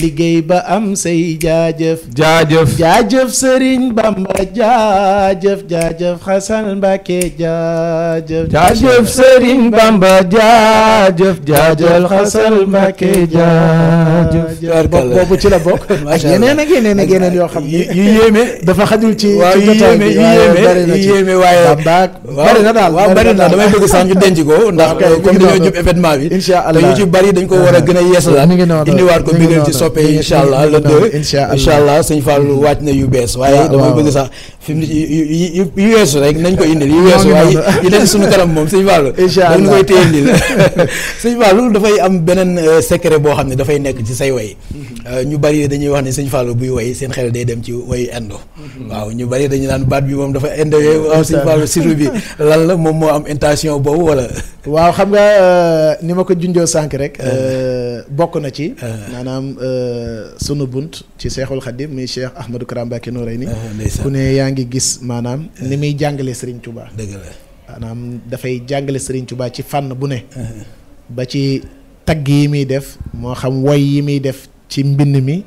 liggéey ba am say jaajëf jaajëf jaajëf Sëriñ Bamba jaajëf jaajëf Xasan Mbàkke jaajëf jaajëf Sëriñ Bamba jaajëf jaajëf Xasan Mbàkke jaajëf boobu ci la bokk ak yeneen ak yeneen ak yeneen yoo xam ne yu yéeme dafa xajul ci waaw yu yéeme yu yéeme waaye bari na daal waaw bari na damay bëgg sax ñu denc ko ndax comme dañoo jub événement bi incha allah yu ci bari dañ ko war a gën a yeesalaat indiwaat ko mbir ci soppe yi incha allah le deux incha allah sëñ Fallou wàcc na yu bees waaye damay bëgg sax fi mu yu weesu rek nañ ko indi yu weesu waaye yi nekk suñu kanam moom sëñ Fallou incha allah dañ koy dafay am beneen euh, secret boo xam ne dafay nekk ci say way euh, ñu bari dañuy wax ne sëñ Fallou buy way seen xel day dem ci wayu indo mm-hmm. waaw ñu bari dañu daan baat bi moom dafa indo waaw sëñ Fallou surtout bi lan la moom moo am intention boobu wala. waaw xam nga euh, ni ma ko junjoo sànq rek. Ah. Euh, bokk na ci. Ah. maanaam euh, sunu bunt ci Cheikhul Khadim muy Cheikh Ahmadou Kara Mbacké Noreyni. Ah, ku ne yaa ngi gis maanaam ni muy jàngale Serigne Touba. dëgg la maanaam dafay jàngale Serigne Touba ci fànn bu ne. ba ci tagg yi muy def moo xam woy yi muy def ci mbind mi.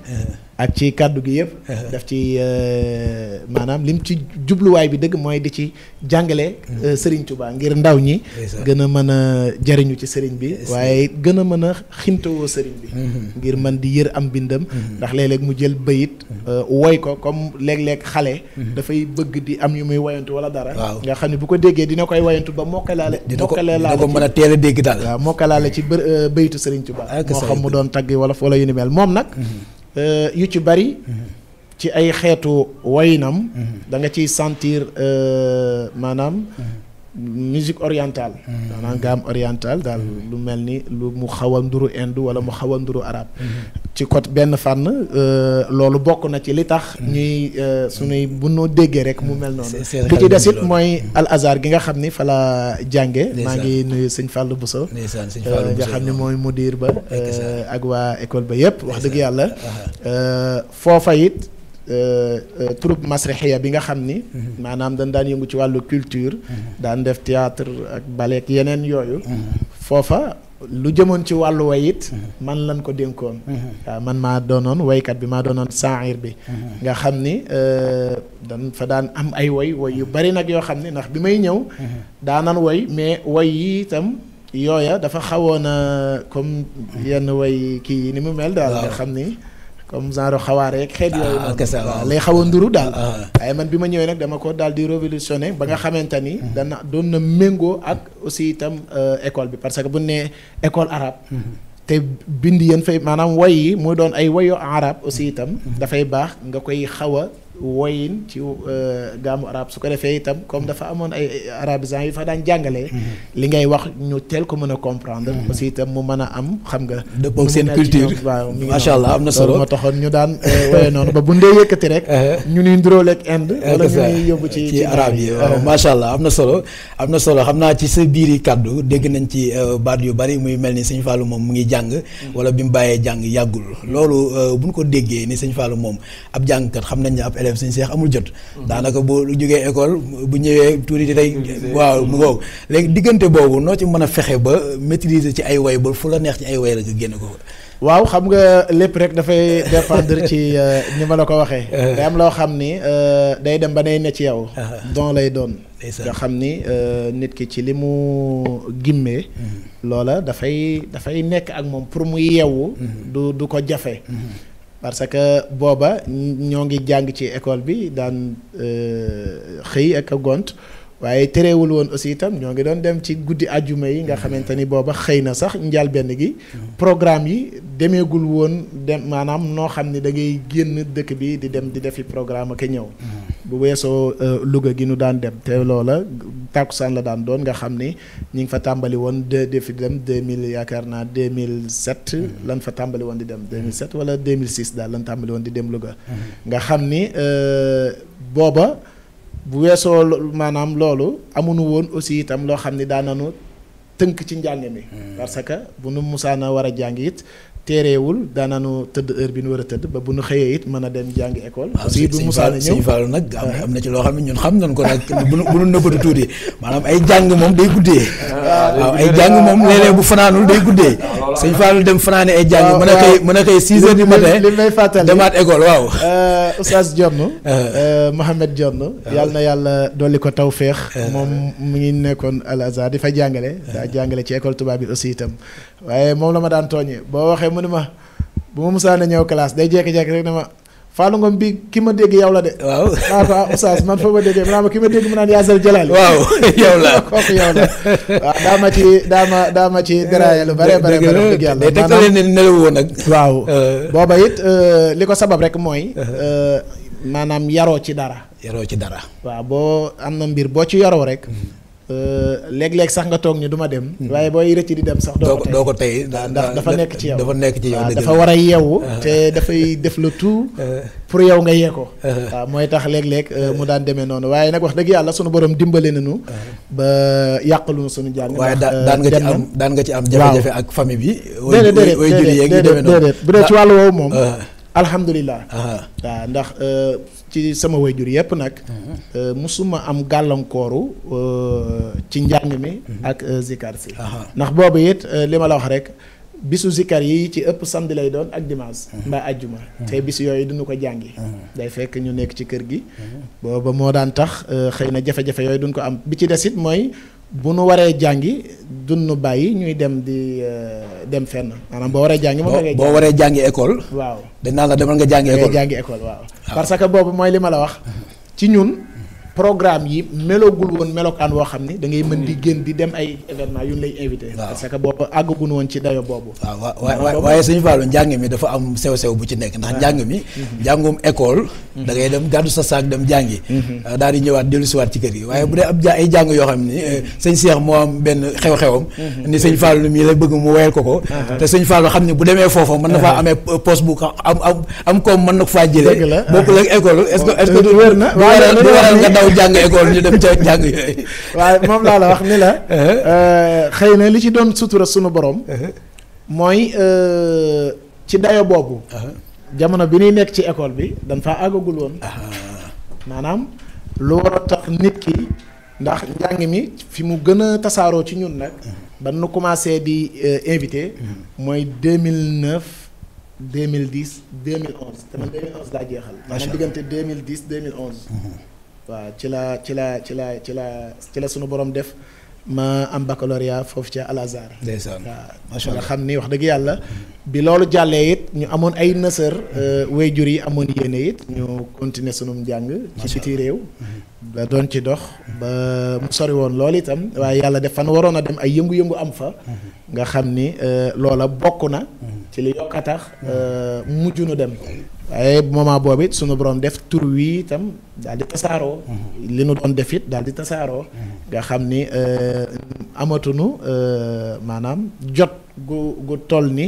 ak ci kàddu gi yëpp. daf ci euh, maanaam lim ci jubluwaay bi dëgg mooy di ci jàngale. Mm-hmm. Euh, Serigne Touba ngir ndaw ñi. gën a mën a jariñu ci Serigne bi. waaye gën a mën a xintawoo Serigne bi. Mm-hmm. ngir man di yër am mbindam mm-hmm. ndax léeg-léeg mu jël bayit euh, woy ko comme léeg-léeg xale. dafay bëgg di am yu muy wayantu wala dara. nga xam ne bu ko déggee dina koy wayantu ba mokkalaale. dina ko dina ko mën a teel a dégg daal. waaw mokkalaale ci bayitu Serigne Touba. Ah, moo xam mu doon tagg wala wala yu ni mel moom nag. Euh, yu ci bari ci ay xeetu waynam mm-hmm. da nga ciy sentir euh, maanaam mm-hmm. musique orientale hmm. maanaam gamme orientale daal hmm. lu mel ni lu mu xaw a nduru inde wala mu xaw a nduru arabe hmm. ci côté benn fànn euh, loolu bokk na ci li tax ñuy euh, suñuy bu noo déggee rek mu mel noonu bi ci des it mooy al gi nga xam ni fa la jànge maa ngi nuyu sëñ Fallou Bousso euh, nga xam ni mooy mudir ba ak waa école ba yépp wax dëgg yàlla foofa it Euh, euh, troupe masraxiya bi nga xam ni maanaam dañ daan yëngu ci wàllu culture daan def théâtre ak ballet ak yeneen yooyu foofa lu jëmoon ci wàllu way it man lañ ko dénkoon waaw man maa doonoon waykat bi maa doonoon saayir bi nga xam ni euh, dan fa daan am ay woy woy yu bari nag yoo xam ne ndax bi may ñëw daanan woy mais way yi itam yooya dafa xawoon a comme yenn way kii yi ni mu mel daal nga xam ni comme genre xawaare yeeg xeet ah, yooyu noonu waaw lay xaw a nduru daal ah, ah. waaye man bi ma ñëwee nag dama ko daal di révolutionné ba nga xamante ni mm-hmm. dana doon na méngoo ak aussi itam euh, école bi parce que bu ne école arabe mm-hmm. te bind yéen fay maanaam woy yi muy doon ay woyo en arabe aussi itam mm-hmm. dafay baax nga koy xaw a woyin ci euh, gaamu arab su ko defee itam comme dafa amoon ay arabisants yu fa daan jàngale mhm. li ngay wax ñu teel ko mën a comprendre. Mhm. parce que itam mu mën a am xam nga. dëppoo seen culture waaw macha allah am na solo ma taxoon daan euh, woye bu ndee yëkkati rek. ñu nuy nduróoleeg Inde. wala ci ci arab yi am na solo. am na solo xam naa ci sa biiri kàddu dégg nañ ci euh, baat yu bari muy mel ni sëñ Fallou moom mu ngi jàng. wala bi mu bàyyee jàng yàggul. loolu bu ñu ko déggee ni sëñ Fallou moom ab jàngkat xam nañ ne élèves sëñ Cheikh amul jot daanaka bu jógee école bu ñëwee tuuti di waaw mu ngoog léegi diggante boobu noo ci mën a fexe ba maîtriser ci ay way ba fu la neex ci ay way la nga génne ko waaw xam nga lépp rek dafay dépendre ci euh, ni ma la ko waxee uh-huh. day am loo xam ni euh, day dem ba day ne ci yow uh-huh. don lay doon nga xam ni euh, nit ki ci li mu gimmee uh-huh. loola dafay dafay nekk ak moom pour mu yeewu du du ko jafe parce que booba ñoo ngi jàng ci école bi daan euh, xëy ak a gont waaye terewul woon aussi itam ñoo ngi doon dem ci guddi àjjuma yi nga xamante ni booba xëy na sax njaal benn gi programme yi demeegul woon dem maanaam noo xam ne da ngay génn dëkk bi di dem di defi programme ak ñëw mm-hmm. bu weesoo euh, Louga gi nu daan dem te loola tàkkusaan la daan doon nga xam ni ñi ngi fa tàmbali woon de defi dem 2000 yaakaar naa 2007 mm-hmm. lan fa tàmbali woon di dem 2007 wala 2006 daal lan tàmbali woon di dem luga mm-hmm. nga xam ni euh, booba bu weesoo maanaam loolu amuñu woon aussi itam loo xam ni daananu tënk ci njàng mi hmm. parce que bu nu musaana war a jàng it teereewul daanaanu tëdd heure bi nu war a tëdd ba bu nu xëyee it mën a dem jàngi école. aussi bu musaa na ñëw nag ah. am na ci loo xam ne ñun xam nañ ko nag bu nu bu nu nëbbatu tuuti maanaam ay jàng moom day guddee. waaw ah, ah, ay jàng bu fanaanul day guddee. sëñ Fallou dem fanaane ay jàng. waaw waaw mën a xëy mën a xëy 6 heures du matin. li may fàttali demaat école waaw. Euh, Oustaz Dione. Euh, Mouhamed Dione. yàlla na yàlla dolli ko taw féex. moom mu ngi nekkoon Al Azhar di fa jàngale. daa jàngale ci école tubaab bi aussi itam waaye moom la ma daan tooñee boo waxee mu ne ma bu ma musaan ñëw classe day jékki-jékki rek ne ma Fallou Ngom bi ki ma dégg yow la de. waaw maa ko ah, man fa ma déggee ki ma dégg mu naan yaasal jalaal. ma ci daa daa ma ci déraillé lu bare bare bare dëgg yàlla maanaam ne nelaw woon nag. waaw euh. booba it euh, li ko sabab rek mooy. Uh-huh. Euh, maanaam yaroo ci dara. yaroo ci dara. waa boo am na mbir boo ci yaroo rek. Mm-hmm. Euh, léeg-léeg sax nga toog ni duma dem. Hmm. waaye booy rëcc di dem sax. doo ko doo ko tey ndax dafa nekk ci yow. dafa nekk ci yow dafa war a yeewu. te dafay def le tout. Eh. pour yow nga yee ko. Eh. waaw mooy tax léeg-léeg euh, mu daan demee noonu waaye nag wax dëgg yàlla sunu borom dimbale nañu. Eh. ba yàqaluñu sunu jàng. waaye euh, daan nga ci am daan nga ci am. jafe-jafe ak famille bi. déedéet déedéet déedéet déedéet déedéet bu dee ci wàllu woowu moom. alhamdulilah. waaw ndax. ci sama wayjur yëpp nag. Mhm. Euh, musuma am gàllankooru euh, ci njàng mi. Mhm. ak euh, zikar si. ndax boobu it li ma la wax rek. bisu zikar yi ci ëpp samedi lay doon ak dimanche mhm. mbaa ajjuma te bis yooyu duñu ko jàngi day fekk ñu nekk ci kër gi booba moo daan tax xëy na jafe-jafe yooyu duñ ko am bi ci des it mooy bu nu waree jàngi dunu bàyyi ñuy dem di euh, dem fenn maanaam boo waree jàngi. moom boo waree jàngi école. waaw dañ naan la demal nga jàngi école waaw. Ah. parce que boobu mooy li ma la wax ci ñun. programme yi melogul woon melokaan woo xam ni da ngay mën di hmm. génn di dem ay événement yu ñu lay invité. parce que boobu àggaguñu woon ci dayo boobu. waaw waaye suñu Fallou njàng mi dafa am sew sew bu ci nekk ndax njàng mi. Hmm. njàngum école. Hmm. da ngay dem gàddu sa saak dem jàngi. Euh, daal di ñëwaat dellusiwaat ci kër gi waaye bu dee ab ja ay jàng yoo xam ni euh, sëñ Cheikh moo am benn xew-xewam. ni sëñ Fallou mii la bëgg mu wéyal ko ko. Uh-huh. te sëñ Fallou xam ne bu demee foofa mën na faa uh-huh. amee poste bu am am am mën na ko faa jëlee. daw jàng école ñu dem ca jàng yooyu. moom laa la wax ni la. Uh-huh. Uh, xëy na li ci doon sutura suñu borom. Uh-huh. mooy uh, ci dayo boobu. Uh-huh. jamono bi ñuy nekk ci école bi dañ faa àggagul woon. maanaam lu war a tax nit ki. ndax njàng mi fi mu gën a tasaaroo ci ñun nag. ba nu commencé di uh, invité. mooy deux 2009 2010 2011 te man 2011 laa jeexal. macha allah maanaam diggante 2010 2011. waaw ci la ci la ci la ci la ci sunu borom def ma am baccalauréat foofu ca Al Azhar. ndeysaan macha allah xam ni wax dëgg yàlla. bi loolu jàllee it ñu amoon ay nësër. Mm-hmm. Euh, wayjur yi amoon yéene it. ñu continuer sunum njàng. ci biti réew. Mm-hmm. ba doon ci dox. ba mu sori woon loolu itam waaye yàlla def fan waroon a dem ay yëngu-yëngu am fa. Mm-hmm. nga xam ni euh, loola bokk na. ci li yokk a tax euh, mujj nu dem. waaye moment boobu it sunu borom def tur wi itam daal di tasaaroo. li nu doon def it daal di tasaaroo. nga xam ni euh, amatunu euh, maanaam jot gu gu toll ni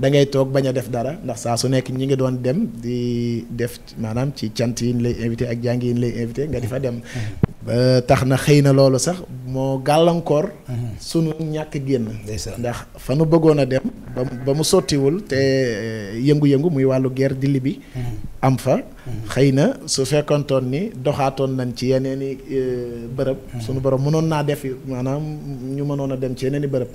da ngay toog bañ a def dara ndax saa su nekk ñi ngi doon dem di def maanaam ci cant yi ñu lay invité ak jàng yi ñu lay invité nga di fa dem. Euh, tax na xëy na loolu sax moo gàllankoor. Mhm. sunu ñàkk génn. ndax fa nu bëggoon a dem. ba mu sottiwul te euh, yëngu-yëngu muy wàllu ger di bi am fa. xëy na su fekkontoon ni doxaatoon nañ ci yeneen i e, bërëb. Hmm. sunu borom mënoon naa def maanaam ñu mënoon a dem ci yeneen i bërëb.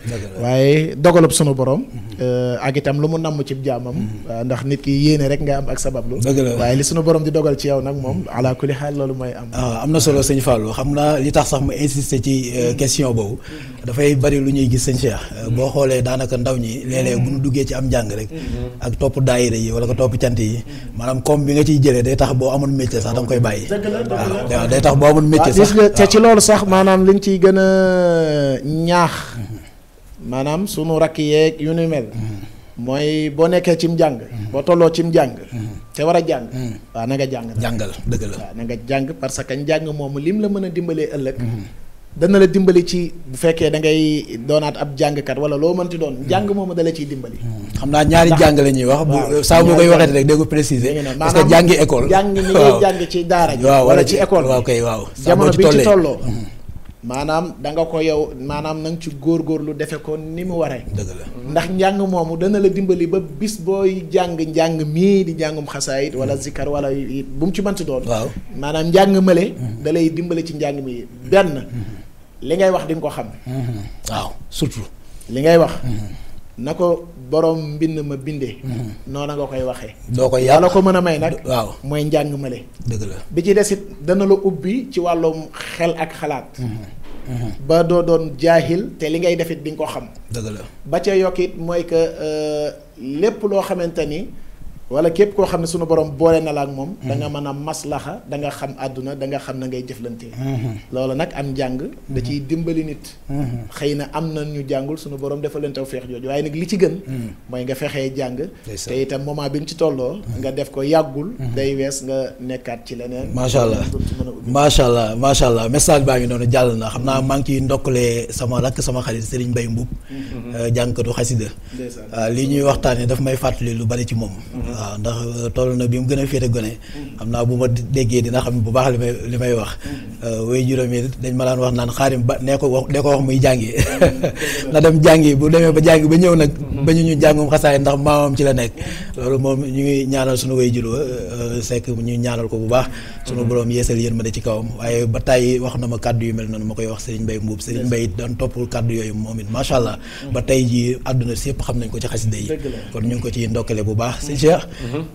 waaye dogalub sunu borom. Hmm. E, ak itam lu mu namm ci jàmmam hmm. e, ndax nit ki yéene rek nga am ak sabablu. waaye li sunu borom di dogal ci yow nag moom ala kulli xaal loolu mooy am. Ah, am na solo sañ Fallou xam naa li tax sax mu insister ci question boobu. dafay bari lu ñuy gis sëñ Cheikh. boo xoolee daanaka ndaw ñi léeg-léeg bu ñu duggee ci am njàng rek. koom bi nga ciy jëlee day tax boo amoon métier sax da nga koy bàyyi. waaw day tax boo amoon métier sax te ci loolu sax maanaam nga ciy gën a ñaax. maanaam sunu rakk yeeg yu ni mel. mooy boo nekkee ci mu jàng. boo tolloo ci mu jàng. te war a jàng. Mm. waaw na jàng. jàngal dëgg la na nga jàng parce que jàng moomu lim la mën a dimbalee ëllëg. Mm-hmm. dana la dimbali ci bu fekkee da ngay doonaat ab jàngkat wala loo mënti doon hmm. jàng moomu dala ciy dimbali. Hmm. xam naa ñaari jàng la ñuy wax. bu saa boo koy waxee rek dégg nga préciser. parce que jàngi école. jàng ni ngay jàng ci daara ji. wala ci école waaw kay waaw. jamono bi ci tolloo. Hmm. maanaam da nga ko yow maanaam na nga ci góorgóorlu defe ko ni mu waree. dëgg ndax njàng moomu dana la dimbali ba bis booy jàng njàng mii di njàngum xasaayit wala zikar wala bu mu ci mënti doon. waaw maanaam njàng mële. da lay dimbali ci njàng mi benn. li ngay wax di ko xam. Mm-hmm. waaw surtout. li ngay wax. Mm-hmm. na ko borom mbind ma bindee. Mm-hmm. noona nga koy waxee. doo ko yàlla ko mën a may nag. waaw mooy njàng male. dëgg la bi ci des it dana la ubbi ci wàllum xel ak xalaat. ba doo doon jaahil te li ngay defit di nga ko xam. dëgg la ba ca yokk mooy que euh, lépp loo xamante ni. wala képp koo xam ne sunu borom boole na la ak moom. danga nga mën a maslaxa da xam àdduna danga xam na ngay jëflante. Mm-hmm. loolu nag am njàng. da ciy mm-hmm. dimbali nit. Mm-hmm. xëy na am na ñu jàngul sunu borom defal leen tawféex jooju waaye nag li ci gën. mooy nga fexee jàng. te itam moment bi nga ci tolloo. nga def ko yàggul. day wees nga nekkaat ci leneen. macha allah macha allah macha allah message baa ngi noonu jàll na xam naa maa ngi ciy ndokkalee sama rakk sama xarit Serigne Mbaye Mboup. Euh, jàngkatu xasida euh, li ñuy waxtaanee daf may fàttali lu bari ci moom waaw ndax euh, toll na bi mu gën a féete gone. xam naa bu ma déggee dina xam bu baax li may li may wax. Euh, way juróom yi dañ ma daan wax naan xaarim ba nee ko wax nee ko wax muy jàngi na dem bu demee ba jàngi ba ñëw nag. ba ñu ñu jàngum xasaay ndax maamam ci la nekk. loolu moom ñu ngi sunu way juru euh, sekk ñu ñaanal ko bu baax. sunu borom yeesal yërmande ci kawam waaye ba tey wax na ma kàddu yu mel na nu ma koy wax Serigne Mbaye Mbuub Serigne Mbaye daan toppul kàddu yooyu moom it macha allah. ba tey jii àdduna si yëpp xam nañ ko ci xasida yi kon ñu ko ci ndokkale bu baax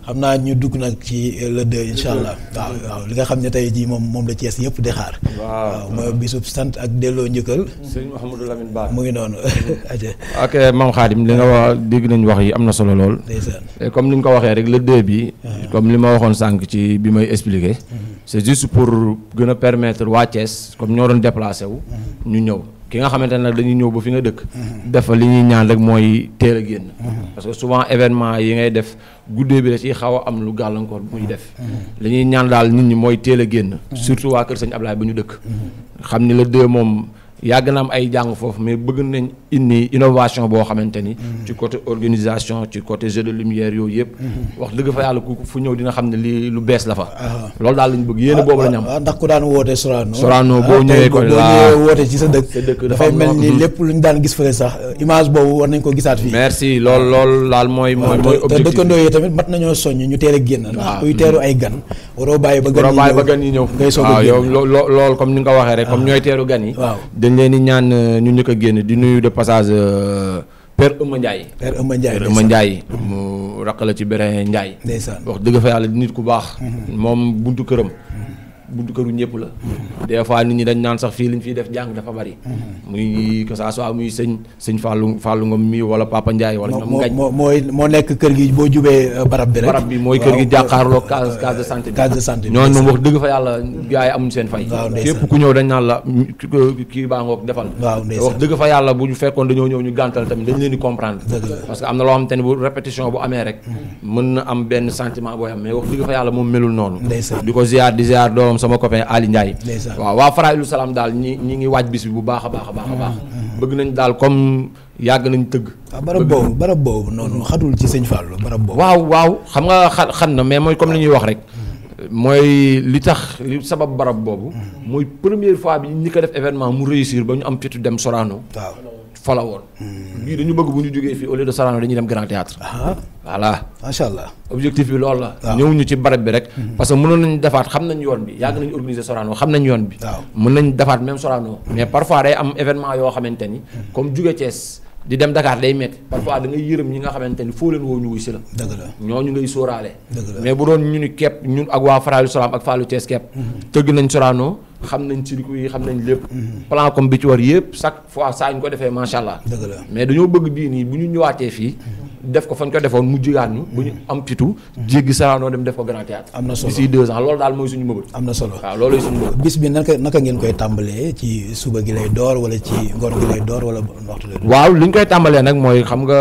xam naa ñu dugg nag ci euh, le deux incha allah. waaw waaw li nga xam ne tey ji moom moom la Thiès yëpp di xaar. waaw mooy bisub sant ak delloo njëkkal. sëñ Mouhamadou Lamine Ba mu ngi noonu. ok maam Khadim li nga wax dégg nañu wax yi am na solo lool. comme ni nga ko waxee rek le deux bi. Uh-huh. comme li ma waxoon sànq ci bi may expliquer. Uh-huh. c'est juste pour gën a permettre waa Thiès comme ñoo doon déplacé uh-huh. ñu ñëw. ki nga xamante ne nag dañuy ñëw ba fi nga dëkk. dafa li ñuy ñaan rek mooy teel a génn. parce que guddee bi da ciy xaw am lu gàllankoor bu ñu def. Mm-hmm. Mm-hmm. li ñuy ñaan daal nit ñi mooy teel a génn. Mm-hmm. surtout waa Kër Sëñ Ablaye ba ñu dëkk. xam ni la dee moom. yàgg na am ay jàng foofu mais bëgg nañ indi innovation boo xamante ni. Mm-hmm. ci côté organisation ci côté jeu de lumière yooyu yëpp. Mm-hmm. wax dëgg fa yàlla ku fu ñëw dina xam ne li lu bees la fa. Ah. loolu daal lañ bëgg yéen boobu la ñu am. Ah, ah, ndax ku daan woote Sorano. Sorano boo ñëwee ko la woote ci sa dëkk. dëkk dafay mel ni lépp lu ñu daan gis fële sax euh, image boobu war nañ ko gisaat fii. merci lool loolu daal mooy. mooy mooy objectif dëkkandoo yi tamit mat nañoo soññ ñu teel génn. waaw ndax kuy teeru ay gan. waroo bàyyi ba gan yi ñëw waroo bàyyi waaw loo lool comme ni nga ko waxee rek. comme ah. ñooy teeru gan yi. waaw dañ leen di ñaan euh, ñu njëkk a génn di nuyu de passage euh, Père Eumeu Ndiaye. Père Eumeu Ndiaye Père Eumeu Ndiaye. mu raq la ci bere Ndiaye. ndeysaan wax dëgg fa yàlla di nit ku baax. Mm-hmm. moom buntu këram. buntu këru ñëpp la. des fois nit ñi dañ naan sax fii liñ fiy def jàng dafa bari. muy que muy sëñ sëñ Fallou Fallou Ngom mi wala Papa Ndiaye wala. ñoom Ngañ moo moo moo nekk kër gi boo jubee euh, barab bi rek. barab bi mooy kër gi jàkkaarloo case case de santé bi. moom wax dëgg fa yàlla gars seen fay. waaw képp ku ñëw dañ naan la kii baa ngoog defal. waaw wax dëgg fa yàlla bu fekkoon dañoo ñëw ñu gàntal tamit dañ leen di comprendre. parce que am na rek. Mm-hmm. mën na am benn sentiment booy am mais wax dëgg fa yàlla melul noonu. di ko ziar di ziar doom ñoom sama copain Ali Ndiaye waaw waa Fara Ilou daal ñi ñi ngi waaj bis bi bu baax a baax a baax bëgg nañ daal comme yàgg nañ tëgg waaw ah, barab boobu barab boobu noonu xatul ci sëñ Fallou barab boobu waaw waaw xam nga xa xan na mais mooy comme li ñuy wax rek mooy li tax li sabab barab boobu hmm. mooy première fois bi ñi ko def événement mu réussir ba ñu am fitu dem Sorano fala woon. Hmm. ñii dañu bëgg bu ñu jógee fii au lieu de Sorano dañuy dem Grand Théâtre. Ah. voilà macha allah. objectif bi lool la. Ah. ñëw ñu ci barab bi rek. Hmm. parce que mënoon nañu defaat xam nañ yoon bi yàgg nañu organiser Sorano xam nañ yoon bi. waaw mën nañ defaat même Sorano. Hmm. mais parfois day am événement yoo xamante ni. comme jóge Thiès. di dem Dakar day métti parfois da ngay yërëm ñi nga xamante ni foo leen woo ñu wuy si la ñoo ñu ngay sóoraale mais bu doon ñu ni kepp ñu ak waa Faralu Soraam ak Fallou Thiès kepp mhm. tëgg nañ Sorano xam nañ circuit yi xam nañ lépp mhm. plan comme bi ci war yëpp chaque fois saa ñu ko defee macha allah mais dañoo bëgg bii nii bu ñu ñëwaatee fii mhm. def ko fan ko defoon mu jigaat ñu bu ñu mm. am pitu jéggi saraanoo dem def ko grand théâtre am na solo loolu daal mooy suñu mëbët am na solo waaw loolu suñu bis bi naka naka ngeen koy tàmbalee ci suba gi lay door walla ci ngoon gi lay door wala waxtu lay waaw li ñu koy tàmbalee nag mooy xam nga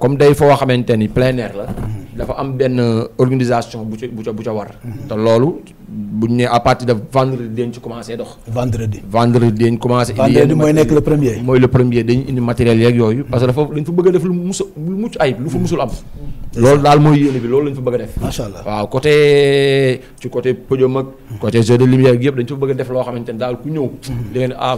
comme day foo xamante ni plein la mm. dafa am benn organisation bu ca bu ca bu ca war mm. te loolu bu ñu nee à partir de vendredi dañ ci commencé dox. vendredi vendredi dañ commencé. indi vendredi mooy nekk le premier. mooy le premier dañu indi matériel yooyu. parce que dafa dañ fa bëgg a def lu mus lu mucc ayib lu fa musul am. loolu daal mooy yéene bi loolu lañ fa bëgg a def. waaw côté ci côté podium ak. côté jeu de lumière yëpp dañ fa bëgg a def da mhm. ngeen ah,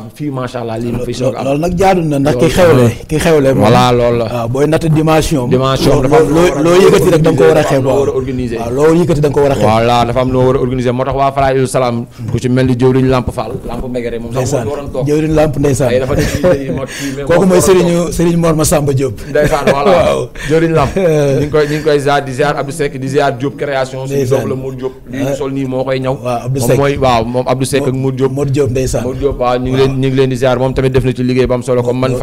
loolu loolu yëkkati rek ko war a xeeb. waaw loo yëkkati da ko war a xeeb. voilà dafa am a moo tax waa Fara salaam ku ci mel ni jëwriñ Lamp Fall Lamp Megere moom sax moo waroon toog jëwriñ Lamp la Modou Diop ah. moom moom tamit def na ci liggéey ba am solo comme man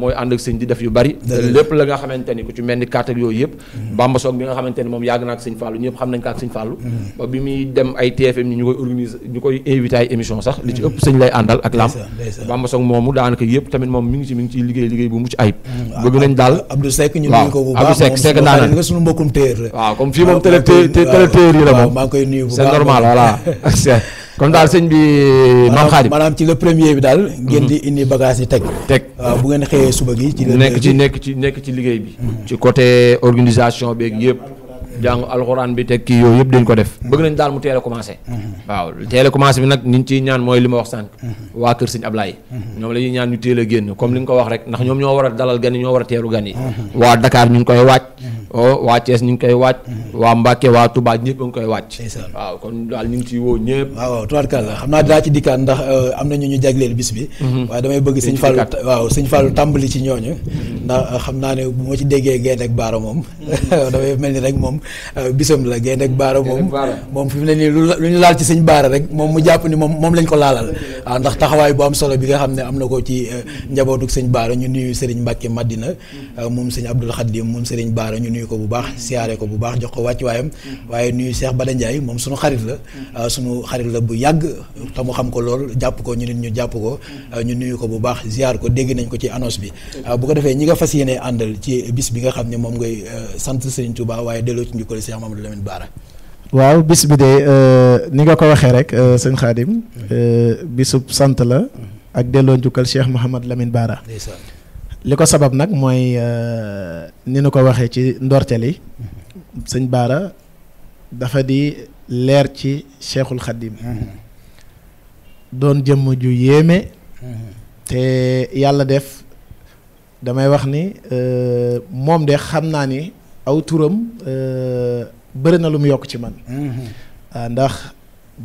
mooy ànd ak sëñ di def yu bari lépp la nga xamante ku ci mel ni carte yooyu yëpp mm. Bamba Soog bi nga xamante moom yàgg na ak sëñ Fallou ñëpp xam nañ ko ak sëñ Fallou mm. ba bi muy dem ay TFM ñu koy organiser ñu koy invité ay émission sax li ci mm. ëpp sëñ lay àndal ak lam Bamba Sock moomu daanaka yëpp tamit moom mm. ñu koy nuyu bi maam mm-hmm. mm-hmm. yëpp jàngu alxuraan bi teg kii yooyu yëpp dañ ko def mm-hmm. bëgg nañ daal mu teel a mm-hmm. waaw teel a bi nag niñ ciy ñaan mooy li ma wax sànq mm-hmm. waa kër sëñ la ñuy ñaan ñu teel a génn comme li nga ko wax rek ndax ñoom ñoo war a dalal gan yi ñoo war a teeru gan yi waa Dakar ñu ngi koy waaj oh, waa Thiès ñu ngi koy waaj waa Mbacke waa Touba ñëpp a ngi koy waaj waaw kon daal ñu ngi ciy woo euh, bis bi waaye damay bëgg sëñ Fallou waaw sëñ Fallou ci ñooñu ndax euh, xam naa ne bu ma ci déggee gaynde ak baara moom damay mel ni rek moom Euh, bisam la gaynde ak baara moom moom fi mu ne nii lu ñu laal ci sëñ baara rek moom mu jàpp ni moom lañ ko laalal waaw ah, ndax taxawaay bu am solo bi nga xam ne am na ko ci euh, njabootuk sëñ baara ñu nuyu sëriñ Mbàkke Madina euh, moom sëñ Abdul Xaadim moom sëriñ baara ñu nuyu ko bu baax siyaare ko bu baax jox ko wàcc waayam waaye nuyu Cheikh Bada Ndiaye moom suñu xarit la ah, suñu xarit la bu yàgg te mu xam ko lool jàpp ko ñu nit ñu jàpp ko ah, ñu nuyu ko bu baax ziar ko dégg nañ ko ci annonce bi bu ko defee ñi nga fas yéene àndal ci bis bi nga xam ndikkoli Cheikh Mamadou Lamine Bara waaw bis bi de euh, ni nga ko waxee rek euh, sëñ Xaadim mm-hmm. euh, bisub sant la mm-hmm. ak delloo njukkal Cheikh Mouhamad Lamine Bara li ko sabab nag mooy ni nu ko waxee ci ndorte li mm-hmm. sëñ baara dafa di leer ci Cheikhul Xaadim doon jëmm ju yéeme te yàlla def damay wax ni moom de xam naa ni aw turam euh, bëri na lu mu yokk ci man. Mm-hmm. Ah, ndax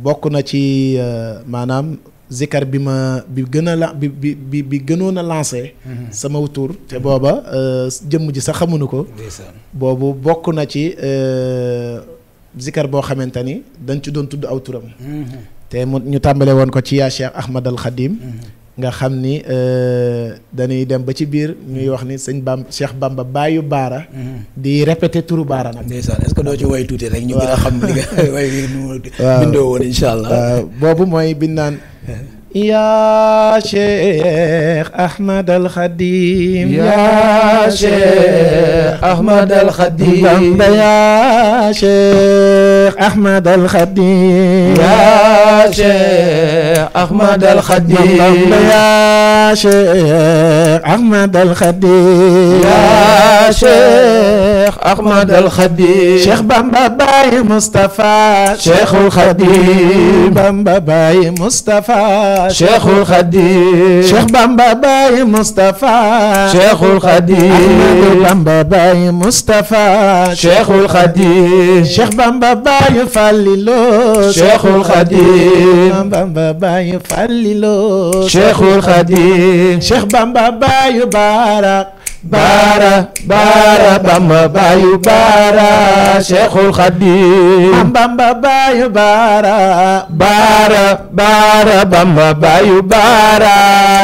bokk na ci euh, maanaam zikar bi ma bi gën a la bi bi bi gënoon a lancé. Mm-hmm. sama tur te mm-hmm. booba euh, jëmm ji sax xamuñu ko. boobu bokk na ci zikar boo xamante ni dañ ci doon tudd aw turam. te ñu tàmbale woon ko ci yaa Cheikh Ahmad al nga xam ni euh, dañuy dem ba ci biir ñuy wax ni sëñ Bam Cheikh Bamba bàyyu baara. Mm-hmm. di répété turu baara nag. ndeysaan est-ce doo ci way tuuti rek. ñu gën a xam li nga way bindoo woon incha allah. Euh, boobu mooy bind naan. yaa Cheikh Ahmad al Khadim. yaa Cheikh Ahmad al Khadim. Bamba yaa Cheikh Ahmad al Khadim. yaa Cheikh Ahmad al Khadim. Bamba yaa Cheikh Ahmad al Khadim. yaa Cheikh. Cheikh Ahmad al Khadim Cheikh Bamba Baye Moustapha Cheikhul Khadim Bamba Baye Moustapha Cheikhul Khadim Cheikh Bamba Baye Moustapha Cheikhul Khadim Ahmad Bamba Baye Moustapha Cheikhul Khadim Cheikh Bamba Baye Fallilo Cheikhul Khadim Bamba Baye Fallilo Cheikhul Khadim Cheikh Bamba Baye Barak baara baara bamba baayu baara Cheikhul Khadim bamba baayu baara baara baara bamba baayu baara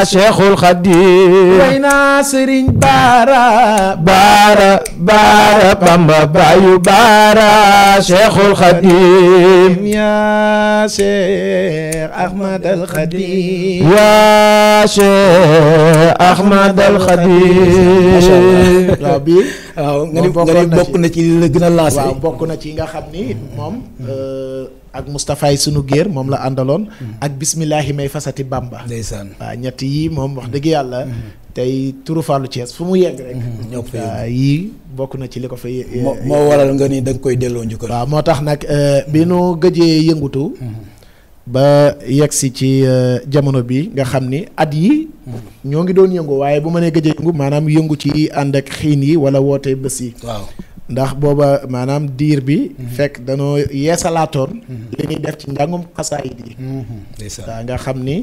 Cheikhul Khadim way Ahmad al Khadim ya Ahmad al macha waaw eh, bii. waaw nga ni bokk na ci li la gën a lancé. bokk na ci nga xam ni moom. Euh, ak Moustapha yi sunu géer moom la àndaloon. Mm-hmm. ak bismillahi may fasati Bamba. ndeysaan waaw ñett yii moom wax dëgg yàlla. Mm-hmm. tey turu Fallou Thiès fu mu yegg rek. Mm-hmm. ñoo yii bokk na ci li ko fa. moo waral nga ni da koy delloo njukkal. waaw moo tax nag euh, bi nu gëjee yëngutu. ba yegsi ci euh, jamono bi nga xam ni at yi ñoo ngi doon yëngu waaye bu ma nee gëj a yëngu maanaam yëngu ci ànd ak xiin yi wala woote bés yi. ndax booba maanaam diir bi. Mhm. fekk danoo yeesalaatoon. Mhm. li ñuy def ci njàngum xasaayit yi. waaw mhm. nga xam ni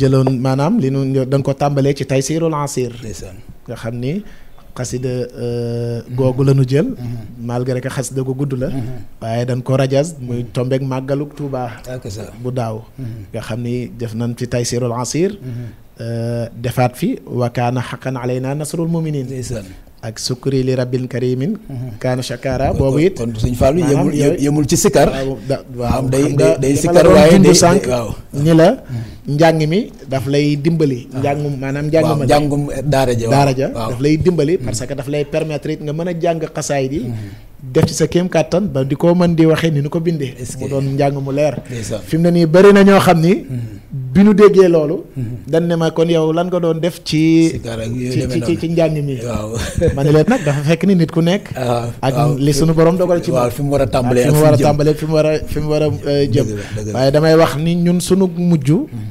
jëloon maanaam li nu dañ ko tàmbalee ci taysiirul asiir nga xam ni. xasida euh, googu la ñu jël. Mm-hmm. malgré que xasida gu gudd la. Mm-hmm. waaye dañ ko rajas muy tombeek màggalu Tuuba. bu daaw. Mm-hmm. nga xam ni def nañ ci taysirul asir. Euh, defaat fi wakaana xaqan aleyna nasrul muminin ak sukkuri li rabbil karimin mhm. kaana shakara boobu it yemul ci sikkar waaw day day sikkar waaye ni la mhm. njàng mi daf lay dimbali ah. njàngum maanaam njànguma njàngum daara ja daara daf lay dimbali parce que daf lay permettre yit nga mën a jàng xasaay di def ci sa kéem kàttan ba di koo mën di waxee ni nu ko bindee mu doon njàng mu leer fi mu ne nii bëri na ñoo xam ni mhm. bi nu déggee loolu mhm. dañ ma kon yow lan ko doon def ci ci ci njàng mi waaw ma leen nag dafa fekk ni nit ku nekk ah, ak li suñu borom dogal ci moom fi mu war a tàmbalee fi mu war a tàmbalee fi mu war a fi mu war a euh, jëm waaye damay wax ni ñun suñu mujj mhm.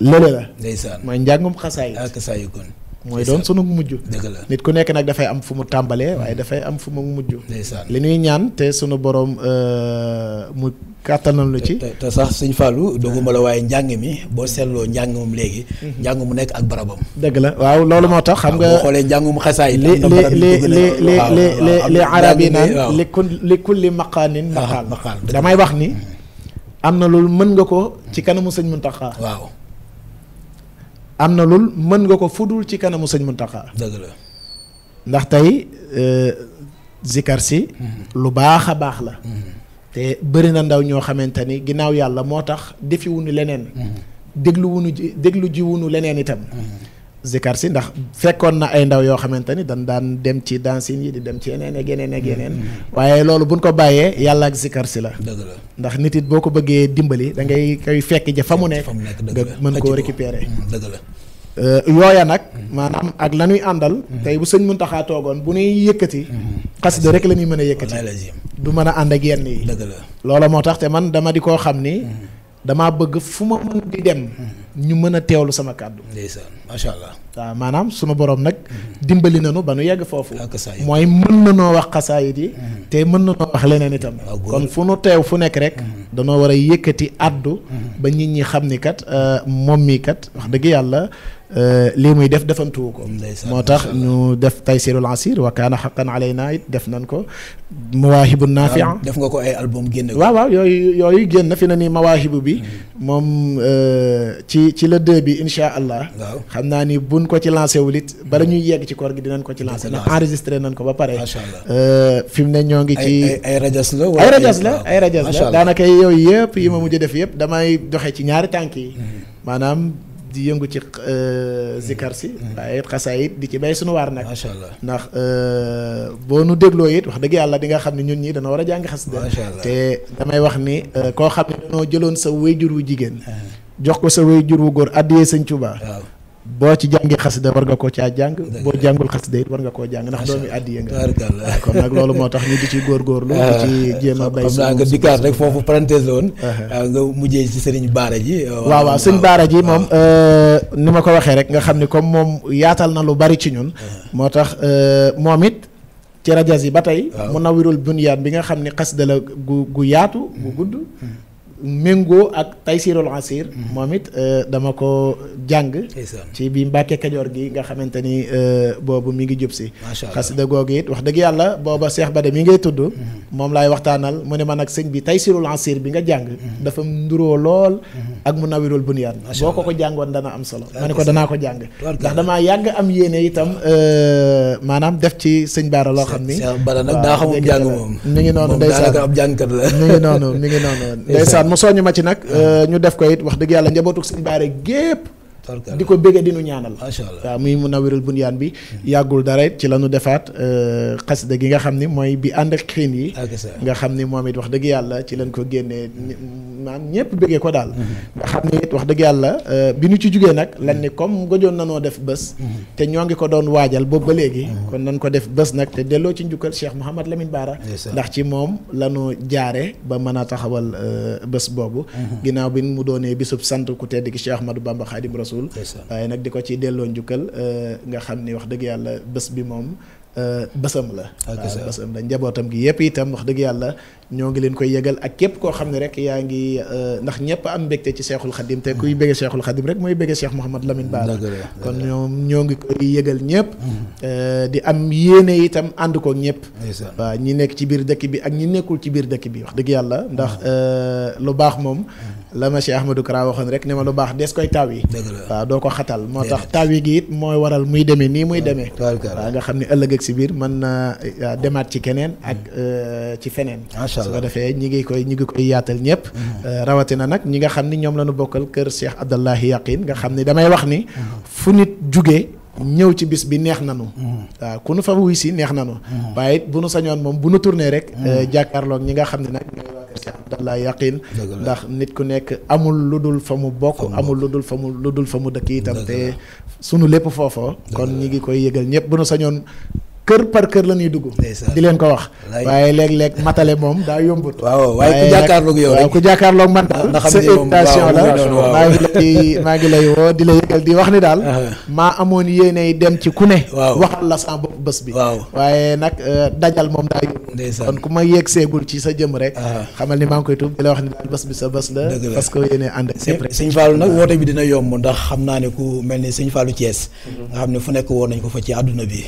lële la ndeysaan mooy njàngum xasaay xasaay kon mooy doon sunu mujj. dëgg la nit ku nekk nag dafay am fu mu tàmbalee mm. waaye dafay am fu mu mujj. li ñuy ñaan te sunu boroom euh, mu kàttanal lu ci. te sax suñ Fallou ah. dugguma la waaye njàng mi boo seetloo njàng moom léegi. Mm-hmm. njàng mu nekk ak barabam. dëgg la waaw loolu moo tax. xam nga boo xoolee njàngum xasaay. li li li li li li li arab naan li kulli maqaanin maqaal damay wax ni. Mm. am na loolu mën nga ko ci kanamu sëñ Muntaxa waaw. am na loolu mën nga ko fu dul ci kanamu sëñ Muntaxa dëgg la ndax tey euh, zikar mhm. lu baax a baax la mhm. te bëri na ndaw ñoo xamante ni ginnaaw yàlla moo tax defiwunu leneen mhm. dégluwunu ji déglu jiwunu leneen itam zikar si ndax fekkoon na ay ndaw yoo xamante ni dañ daan dem ci dansin yi di dem ci yeneen ak yeneen ak yeneen mm-hmm. waaye loolu buñ ko bàyyee yàlla ak zikar la ndax nit it boo ko bëggee dimbali da ngay koy fekk ja fa mu nekk nga mën koo récupérer mm-hmm, dëgg la euh, yooya nag mm-hmm. maanaam ak la ñuy àndal tey bu sëñ Muntaxa toogoon bu ñuy yëkkati xasida rek la ñuy mën a yëkkati du mën a ànd ak yenn yi la loola moo tax te man dama di koo xam ni damaa bëgg fu ma mën di dem ñu mën a teewlu sama kàddu ndeysaan macha allah waaw maanaam sunu borom nag dimbali nanu ba nu yegg foofu mooy mën na noo wax xasaayit yi mm-hmm. tey mën na noo wax leneen itam kon fu nu teew fu nekk rek mm-hmm. danoo war a yëkkati àddu. ba nit ñi xam ni kat euh, moom mii kat wax dëgg yàlla euh, lii muy def defantuwu ko. moo tax ñu def taysirul asir wa kaana xaqan alayna it def nan ko. mawaahibu naafia def nga ko ay album génn. waaw waaw yooyu yooyu génn fi na ni mawaahibu bi. moom euh, ci ci la deux bi incha allah. xam naa ni buñ ko ci lancé wul it bala ñuy yegg ci koor gi dinañ ko ci lancé. ndax enregistré nañ ko ba pare. macha fi mu ne ñoo ngi ci. ay ay rajas la ay rajas la ay yooyu yëpp yi ma mujj def yëpp damay doxe ci ñaari tànk yi mhm. maanaam di yëngu ci euh, zikar si mhm. Mhm. waaye xasaayit di ci bay sunu waar nag macha allah ndax euh, boo nu dégloo it wax dëgg yàlla di nga xam ne ñun ñi dana war a jàng xasida te damay wax ni euh, koo xam ne danoo jëloon sa wéyjur wu jigéen ah. jox ko sa wéyjur wu góor addiyee sëñ Tuubaa boo ci jàngee xasida war nga koo caa jàng boo jàngul xasida it war nga koo jàng ndax doomi àddiya nga kon nag loolu moo tax ñu di ci góorgóorlu di ci ah, jéem a bay xam naa nga dikkaat rek foofu parenthèse ah, ah. nga mujjee ci sëriñ baara ji waaw oh, waaw sëñ baara ji moom euh, ni ma ko waxee rek nga xam ni comme moom yaatal na lu bari ci ñun moo tax euh, moom it ci rajas yi ba tey mu nawirul bunyaan bi nga xam ni xasida la gu gu yaatu gu hmm. gudd hmm. méngoo ak Taysirul Asir mhm. moom it euh, dama ko jàng ci bi Mbàkke Kajoor gi nga xamante ni euh, boobu mi ngi jub si xasida googu it wax dëgg yàlla booba Seex de mi ngay tudd mhm. moom laay waxtaanal mu ne man ak sëñ bi Taysirul Asir bi nga jàng mhm. dafa nduroo lool ak mu Munawwirul Bunyaan boo ko ko jàngoon dana am solo ma ne ko danaa ko jàng ndax damaa yàgg am yéene itam euh, maanaam def ci sëñ Baara loo xam ni Bada nag daa xamul ngi noonu ndeysaan ngi noonu mi ngi noonu mu soññ ma ci nag euh, ñu def ko it wax dëgg yàlla njabootu sëñ Baare gépp di ko bëggee di nu ñaanal waaw muy mu nawirul bunyaan bi yàggul dara ci la nu defaat euh, xasida gi nga xam ni mooy bi ànd ak xiin yi ah, nga xam ni moom it wax dëgg yàlla ci lañ ko génnee maanaam ñëpp bëggee ko daal mhm. nga xam ni it wax dëgg yàlla euh, bi nu ci jugee nag lan ni comme gëjoon nanoo def bés mhm. te ñoo ngi ko doon waajal boobu ba mhm. léegi kon nan ko def bës nag te delloo ci njukkal Cheikh Mouhamad Lamine Bara ndax ci moom lanu jaare ba mën a taxawal euh, bés boobu ginnaaw bi mu doonee bisub sant ku tedd ki Cheikh Ahmadou Bamba Khadim rasul waaye nag di ko ci delloo njukkal euh, nga xam ni wax dëgg yàlla bés bi moom euh, bësam la ah, waaw bësam la njabootam gi yëpp itam wax dëgg yàlla ñoo ngi leen koy yëgal ak képp koo xam ne rek yaa ngi euh, ndax ñëpp am mbégte ci seexul xadim te kuy béggee seexul xadim rek mooy béggee seex Mouhamad Lamine Bara kon ñoom ñoo ngi koy yëgal ñëpp mm-hmm. di am yéene itam ànd ko ñëpp waaw ñi nekk ci biir dëkk bi ak ñi nekkul ci biir dëkk bi wax dëgg yàlla ndax mm-hmm. lu baax moom mm-hmm. la ma Cheikh Ahmadou Kara waxoon rek ne ma lu baax des koy taw yi waaw doo ko xatal moo tax taw yi gi it mooy waral muy demee nii muy demee waaw nga xam ni ëllëg ak si biir mën na euh, demaat ci keneen ak mm. euh, ci feneen su ko defee ñi ngi koy ñi ngi koy yaatal ñëpp mm. euh, rawatina nag ñi nga xam ni ñoom la ñu bokkal kër Cheikh Abdallahi Yaqin nga xam ni damay wax ni mm. fu nit jugee ñëw ci bis bi neex nanu hmm. waaw ku nu fa wuy si neex nanu hmm. waaye it bu nu sañoon moom bu nu tourné rek hmm. euh, jàkkaarloog ñi nga xam ne nag ñooy waa ndax nit ku nekk amul lu dul fa mu bokk amul lu dul fa mu dul fa mu dëkk itam te sunu lépp foofoo kon ñi ngi koy yëgal ñëpp bu nu sañoon kër par kër la ñuy dugg. di leen ko wax. waaye léeg-léeg matale moom daa yombut. waaw waaye ku jàkkaarloog yow ku jàkkaarloog man daal sa invitation la maa ngi lay woo di la yëgal di wax ni daal. maa amoon yéenay dem ci ku ne. waxal la sa bopp bés bi. waaye nag euh, dajal moom daa yombut. kon ku ma yegg seegul ci sa jëm rek. xamal ni maa ngi koy tuub di la wax ni daal bés bi sa bés la. parce que yéenay ànd ak sépp rek. sëñ Fallou nag woote bi dina yomb ndax xam naa ne ku mel ni sëñ Fallou Thiès. nga xam ne fu nekk woon nañ ko fa ci àdduna bi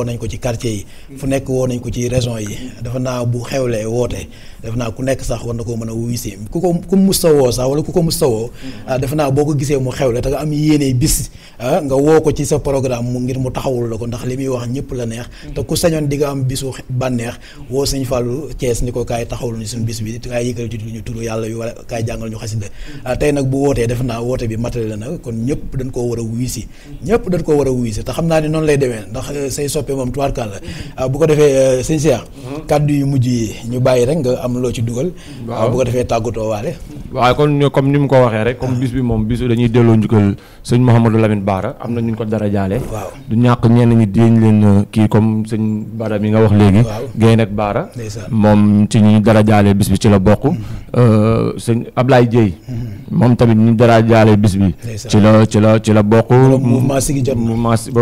woo nañ ko ci quartier yi fu nekk woo nañ ko ci région yi dafa naaw bu xewlee woote def naa ku nekk sax war na koo mën a wuyu si ku ko ku mu sawoo sax wala ku ko mu sawoo ah, def naa boo ko gisee mu xewle te nga am yéene bis ah, nga woo ko ci sa programme mu ngir mu taxawul la ko ndax li muy wax ñëpp la neex te ku sañoon di nga am bisu bànneex woo Sëñ Fallou Thiès ni ko kaay taxawul ni suñu bis bi kaay yëkkal ci ñu turu yàlla yu wala kaay jàngal ñu xasida ah, tey nag bu wootee def naa woote bi la na kon ñëpp dañ koo war a wuyu si ñëpp dañ koo war a wuyu si te xam naa ni noonu lay demee ndax eh, say soppe moom tuwaarkaal la bu ko defee eh, sëñ Cheikh mhm. kàddu yu mujj yi ñu bàyyi rek am loo ci dugal. waaw bu a defee tàggatoo waale. waaw comme ni mu ko waxee rek comme ah. bis bi moom bisu dañuy delloo njukkal sëñ Mouhamadou Lamine Bara am na ñu ko dara jaale. waaw du ñàkk ñenn ñi dinañ leen euh, kii comme sëñ Bara mi nga wax léegi. waaw Guèye ak Bara. moom ci ñi dara jaale bis bi ci la bokk. Mm-hmm. Euh, sëñ Ablaye Dieye. Mm-hmm. moom tamit ñu dara jaale bis bi. ci la ci la ci la bokk. mouvement Siggi jot na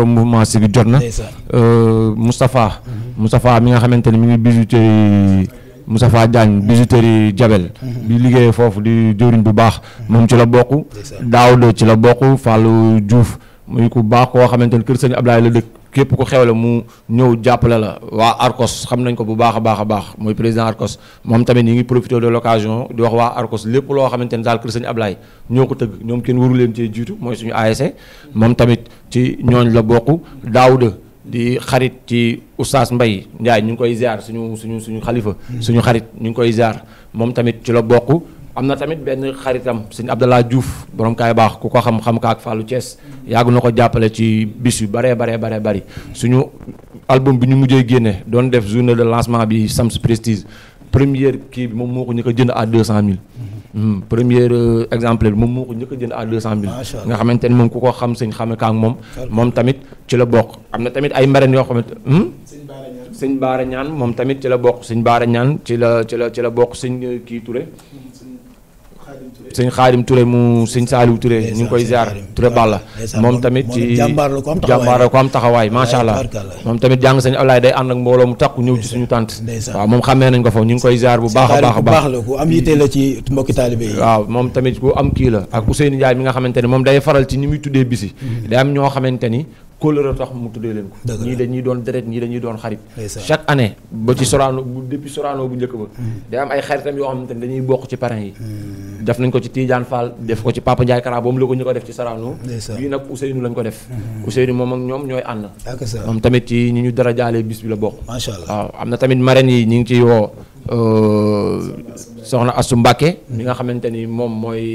mouvement Siggi jot na. Euh, Moustapha. Mm-hmm. Moustapha mi nga xamante ne mi ngi bisu ci Moustapha Diagne bijouterie Jabel bi mhm. liggéeyee foofu di jëriñ bu baax mhm. moom ci la bokk Daawda ci la bokk Fallou juuf muy ku baax koo xamante ni kër sëñ Ablaye la dëkk képp ku ko la mu ñëw jàppale la waa Arcos xam nañ ko bu baax a baax a baax mooy président Arcos moom tamit yi ngi profité de l'occasion di wax waa Arcos lépp loo xamante ni daal kër sëñ Ablaye ñoo ko tëgg ñoom kenn waru leen cee jiitu mooy suñu ASC e. moom tamit ci ñooñ la bokk Daawda di xarit ci oustaz mbay Ndiaye ñu ngi koy ziar suñu suñu suñu xalifa suñu xarit ñu ngi koy ziar moom tamit ci la bokk am na tamit benn xaritam sëñ Abdallah Diouf borom kaay baax ku ko xam xam ka ak Fallou cees yàgg na ko jàppale ci bis yu baree baree baree bëri suñu album bi ñu mujjee génne doon def journée de lancement bi Sams Prestige première kii bi moom moo ko ñu ko jënd à 200000. Hmm, première euh, exemplaire bi moom moo ko njëkk a jënd à deux cent mille nga xamante ne moom ku ko xam sëñ xame moom moom tamit ci la bokk am na tamit ay mbareen yoo xamante hmm? sëñ baara ñaan moom tamit ci la bokk sëñ baara ñaan ci la ci la ci la bokk sëñ euh, kii Touré hmm. sëñ Xaadim Touré mu sëñ Saaliw Touré ñu ngi koy ziar Touré Balla moom tamit ci jàmbaar la ko am taxawaay macha allah moom tamit jàng sëñ Ablaay day ànd ak mbooloo mu takku ñëw ci suñu tànt waaw moom xammee nañ ko foofu ñu ngi koy ziar bu baax a baax a baax la ku am yitte la ci mbokki taalibe yi waaw moom tamit ku am kii la ak Ousseynou Ndiaye mi nga xamante moom day faral ci ñi muy tuddee bisi mm-hmm. day am ñoo xamante kóllëre tax mu tuddee leen ko. ñii dañuy doon deret ñii dañuy doon xarit. chaque année ba ci mm. Sorano bu depuis Sorano bu njëkk ba. Mm. day am ay xaritam yoo xamante ne dañuy bokk ci parrain yi. ba mm. mu la ko ñu dara jaalee bis bi la bokk. waaw am na tamit marraines yi ñu ngi ciy woo. Euh, soxna Assou Mbacké mi nga xamante ni moom mooy.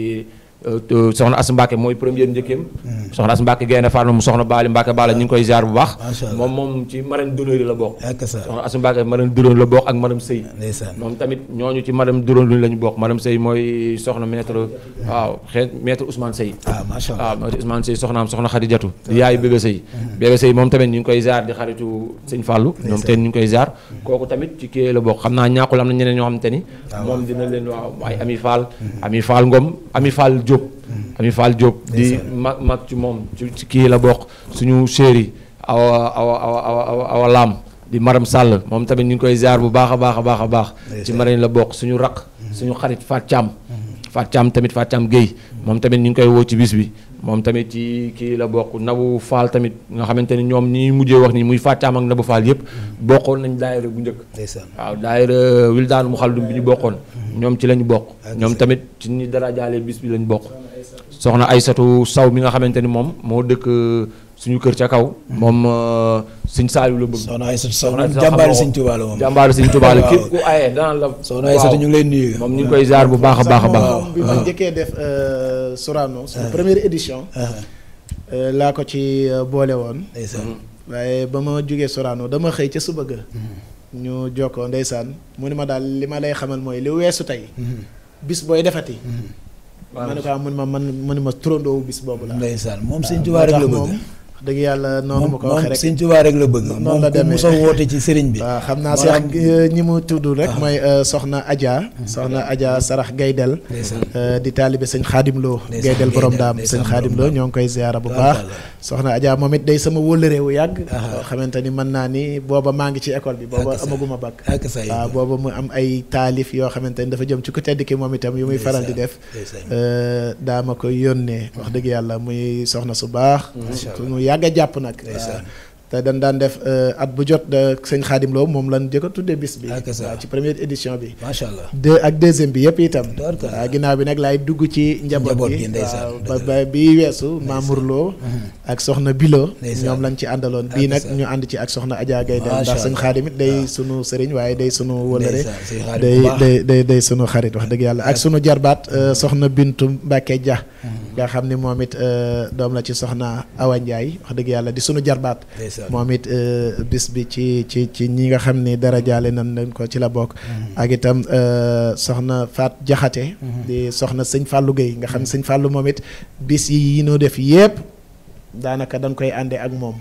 Euh, euh, soxna As Mbacke mooy première njëkkeem hmm. soxna As Mbacke Gaynde Fatma mu soxna Baali Mbacke Baala ñu ngi koy ziar bu baax moom moom ci marraine d'honneur la bokk soxna As Mbacke marraine d'honneur la bokk ak madame Sey moom tamit ñooñu ci marraine d'honneur la ñu bokk madame Sey mooy soxna maître waaw xeet maître Ousmane ah, ah, soxnaam soxna Xadijatu di yaayu bébé Sey hmm. bébé Sey moom tamit ñu ngi koy ziar di xaritu sëñ Fallou ñoom teen ñu ngi koy ziar kooku tamit ci kii la bokk xam naa ñaakul am na ñeneen ñoo xam te ni ah, Ami Fall Diop di mag mag ci moom ci kii la bokk suñu chéri awa awa awa awa awa laam di Maram sàll moom tamit ñu ngi koy ziar bu baax a baax a baax a baax ci marañ la bokk suñu raq mhm. suñu xarit Fat Thiam mhm. Fat Thiam tamit Fat Thiam Guèye mhm. moom tamit ñu ngi koy woo ci bis bi moom tamit ci kii la bokk Nabou Fall tamit nga xamante ni ñoom ñi mujjee wax nii muy Fat Thiam ak Nabou Fall yëpp bokkoon nañ daayira bu njëkk waaw daayira Wildaanu Muxallum bi ñu bokkoon ñoom ci lañu bokk ñoom tamit ci ñi dara jaale bis bi lañ bokk soxna Aysatu Saw mi nga xamante ni moom moo dëkk euh, suñu kër ca kaw. moom euh, suñ Saaliw la bëgg. soxna Aysatu Saw jàmbaaru suñ Tuubaa la moom. jàmbaaru suñ Tuubaa la képp ku soxna Aysatu ñu ngi lay nuyu. moom ñu koy jaar bu baax baax baax a baax. bi ma njëkkee def euh, Sorano. suñu ah. première édition. Ah. laa ko ci boole woon. waaye ba ma jógee soraano dama xëy ca suba ga hmm. ñu jokkoo ndeysaan mu ni ma daal li ma lay xamal mooy li weesu tey. Hmm. bis booy defati. Hmm. waaw ah, man de quoi man man man ma turandoo bis boobu la. moom sëñ Tuubaa rek la bëgg dëgg yàlla noonu ma ko wax rek sëñ Tuubaa rek la bëgg noonu la demee moom woote ci sëriñ bi xam naa sax euh, ñi mu tudd rek ah. mooy euh, soxna Adja mm-hmm. soxna Adja Sarax Gaydel euh, di taalibe sëñ Xaadim Lo Gaydel borom daam sëñ Xaadim Lo ñoo ngi koy ziyaara bu baax soxna Adja moom it day sama wóllëre wu yàgg boo xamante ni mën naa ni booba maa ngi ci école bi booba amaguma bakk waaw booba mu am ay taalif yoo xamante ni dafa jëm ci ku tedd ki moom itam yu muy faral di def daa ma koy yónnee wax dëgg yàlla muy soxna su baax yàgg a jàpp nag. te dañ daan def euh, at bu jot sëñ Xaadim Lo moom lan jëkk a tuddee bis bi ah, waaw ci première édition bi macha allah ak deuxième bi yëpp itam waaw ginnaaw bi nag laay dugg ci njaboot gi waaw ba bi weesu Mamour Lo mm-hmm. ak soxna Bilo ñoom lañ ci àndaloon bii nag ñu ànd ci ak soxna Adja Gaye dem ndax sëñ Xaadim it day sunu sëriñ waaye day suñu wëlëre day day day day xarit wax dëgg yàlla ak sunu jarbaat euh, mm-hmm. soxna Bintu Mbacke Dia mm-hmm. nga xam ni moom it euh, doom la ci soxna Awa Ndiaye wax dëgg yàlla di sunu jarbaat moom it euh, bis bi ci ci ci ñi nga xam ni dara jaale nan leen ko ci la bokk. Mm-hmm. ak itam euh, soxna Faat Jaxate mm-hmm. di soxna sëñ Fallou Guèye nga xam mm-hmm. sëñ Fallou moom it bis yi noo def yépp daanaka dañ koy àndee ak moom.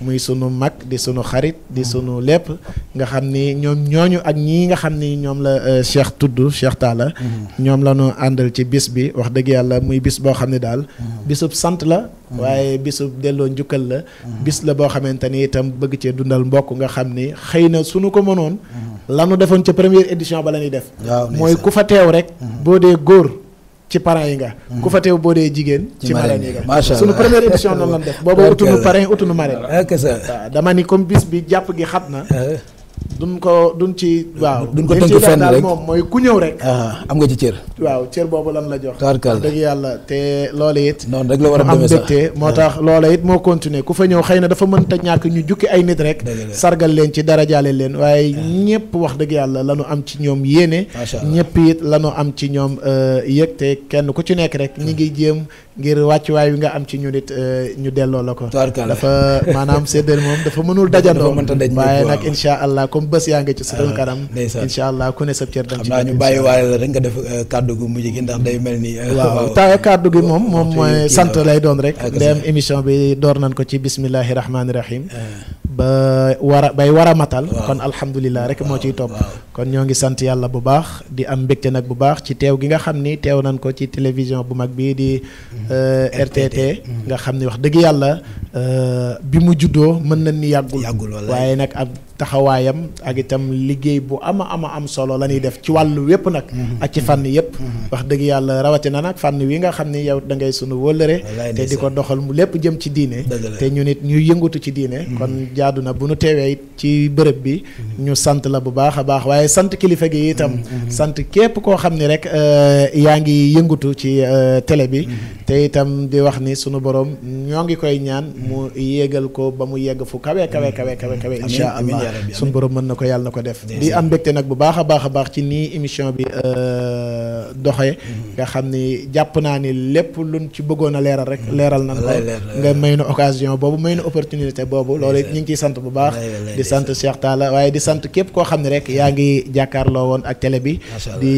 muy sunu mag di sunu xarit di sunu lépp. nga xam ni ñoom ñooñu ak ñii nga xam ni ñoom la euh, Cheikh tudd Cheikh Talla. Mm-hmm. ñoom la ñu àndal ci bis bi wax dëgg yàlla muy bis boo xam ne daal. Mm-hmm. bisub sant la. Mm-hmm. waaye bisub delloo njukkal la. bis la boo xamante ni itam bëgg cee dundal mbokk nga xam ni xëy na sunu ko mënoon. lanu defoon ca première édition ba lañuy ñuy def. mooy ku fa teew rek. boo dee góor. ci parrain yi nga. Mhm. ku fa teew boo dee jigéen. ci marraine yi nga macha allah sunu première édition noonu la def. boobu utu nu parrain utu nu marraine. dama ni comme bis bi jàpp gi xat na. Eh. duñ ko duñ ci. waaw duñ ko tënk fenn moom mooy ku ñëw rek. Ah, am nga ci cër. waaw cër boobu lan la jox. taarkaal dëgg yàlla te loola it. noonu rek la war a demee sax am mbégte moo ah. tax loola it moo continuer ku fa ñëw xëy na dafa mënta ñàkk ñu jukki ay nit rek. sargal leen ci dara jaale leen waaye ah. ñëpp wax dëgg yàlla la am ci ñoom yéene. ñëpp it la am ci ñoom euh, yëg te kenn ku ci nekk rek ñi ngi jéem. ngir waay wi nga am ci ñu nit euh, ñu delloo la ko. dafa maanaam séddale moom dafa mënul dajandoo. waaye nag incha allah comme bés yaa ngi ci suñu ah, kanam. incha allah ku ne sa cër dem ci. xam naa bàyyi waale la rek def euh, kàddu gu mujj gi day mel ni. Euh, waaw kàddu gi moom moom mooy sant lay doon rek. dem émission bi door nañ ko ci bismillahi rahmaani rahim. Ah. ba war a bay war a matal. kon alhamdulilah rek moo ciy topp. kon ñoo ngi sant yàlla bu baax di am mbégte nag bu baax ci teew gi nga xam ni teew nañ ko ci télévision bu mag bii di mm-hmm. Euh, RTT nga xam ni wax dëgg yàlla euh, bi mu juddoo mën na ni yàggul yàggul waaye nag ab taxawaayam ak itam liggéey bu ama ama am solo la ñuy def ci wàll wépp nag mhm. ak ci fànn yëpp mhm. mhm. wax dëgg yàlla rawatina nag fànn wi nga xam ni yow dangay ngay sunu wóllëre te di ko doxal mu lépp jëm ci diine te ñu nit ñuy yëngatu ci diine kon jaadu na bu nu teewee ci bërëb bi ñu sant la bu baax a baax waaye sant kilifa gi itam sant képp koo xam ni rek euh, yaa ngi yëngatu ci euh, télé bi te itam di wax ni sunu borom ñoo ngi koy ñaan mu yéegal ko ba mu yegg fu kawe kawe kawe suñu borom mën na ko yàlla na ko def di am mbégte nag bu baax a baax a baax ci nii émission bi euh, doxee mm-hmm. nga xam ni jàpp naa ni lépp lu ci bëggoon a leeral rek mm-hmm. leeral na ko nga may na occasion boobu may na opportunité boobu loolu ñu ngi ciy sant bu baax di sant Cheikh waaye di sant képp koo xam ne rek yaa ngi jàkkaarloo woon ak télé bi di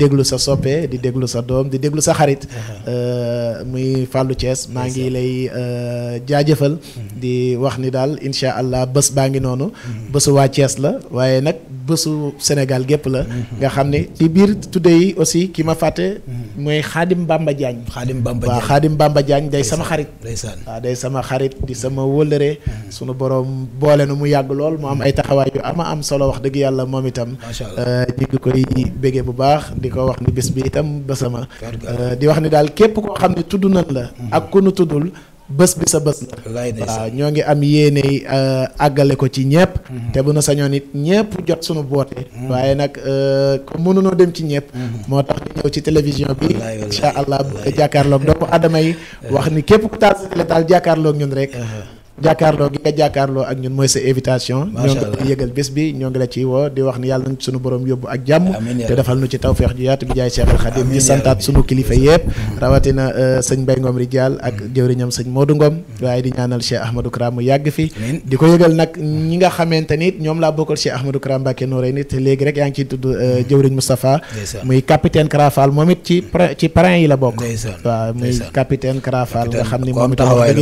déglu sa soppe di déglu sa doom di déglu sa xarit uh-huh. euh, muy Fallou Thiès maa ngi lay euh, jaajëfal mm-hmm. di wax ni daal incha allah bés baa ngi bésu waa la waaye nag bésu Sénégal gépp la nga xam ne ci biir tudde yi aussi ki ma fàtte mooy Xaadim Bamba Diagne Xaadim Bamba waaw Xaadim Bamba Diagne day sama xarit waaw day sama xarit di sama wëllëre sunu borom boole nu mu yàgg lool mu am ay taxawaay yu ama am solo wax dëgg yàlla moom itam euh, ñu ngi koy béggee bu baax di ko wax ni bis bi itam bésama euh, di wax ni daal képp koo xam ne tudd nan la ak ku nu tuddul bës bi sa bës la waaw ñoo ngi am yéene euh, àggale ko ci ñëpp mhm. te bu nu sañoon it ñëpp jot sunu boote mhm. waaye nag comme euh, mënunoo dem ci ñëpp mhm. moo tax ñu ñëw ci télévision bi incha allah jàkkaarloog doomu adama yi wax ni képp ku taal sa télé daal jàkkaarloog ñun rek uh-huh. jàkkaarloo gi nga jàkkaarloo ak ñun mooy sa invitation ñoo ngi la yëgal bés bi ñoo ngi la ciy woo di wax ni yàlla nañ suñu borom yóbbu ak jàmm te defal nu ci tawfeex ju yaatu bi jaay Cheikh Al Khadim di santaat suñu kilifa rawatina euh, sëñ Mbaye Ngom Ridial ak jëwriñam sëñ Modou Ngom waaye di ñaanal Cheikh Ahmadou Kara mu yàgg fi di ko yëgal nag ñi nga xamante ni ñoom laa bokkal Cheikh Ahmadou Kara Mbacké Noreyni te léegi rek yaa ngi ciy tudd euh, mm-hmm. jëwriñ Moustapha muy capitaine Kara moom it ci ci parrain yi la bokk waaw muy xam ni moom it wax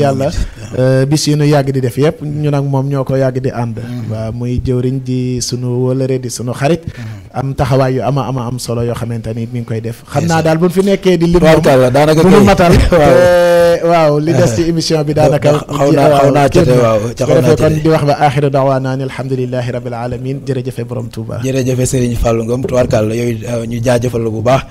yàlla ñuy yàgg di def yëpp ñu nag moom ñoo ko yàgg di ànd mm-hmm. waaw muy jëwriñ di sunu wëlëre di sunu xarit mm-hmm. am taxawaay yu ama ama am solo yoo xamante ni mi ngi koy def xam naa daal buñ fi nekkee di lim mënu matal waaw li des ci émission bi daanaka xaw naa xaw naa cete waaw defee kon di wax ba aaxiru daawaana ni alhamdulilahi rabil alamin jërëjëfe borom Touba jërëjëfe Serigne Fallou Ngom tubaarkàlla yooyu uh, ñu jaajëfal la bu baax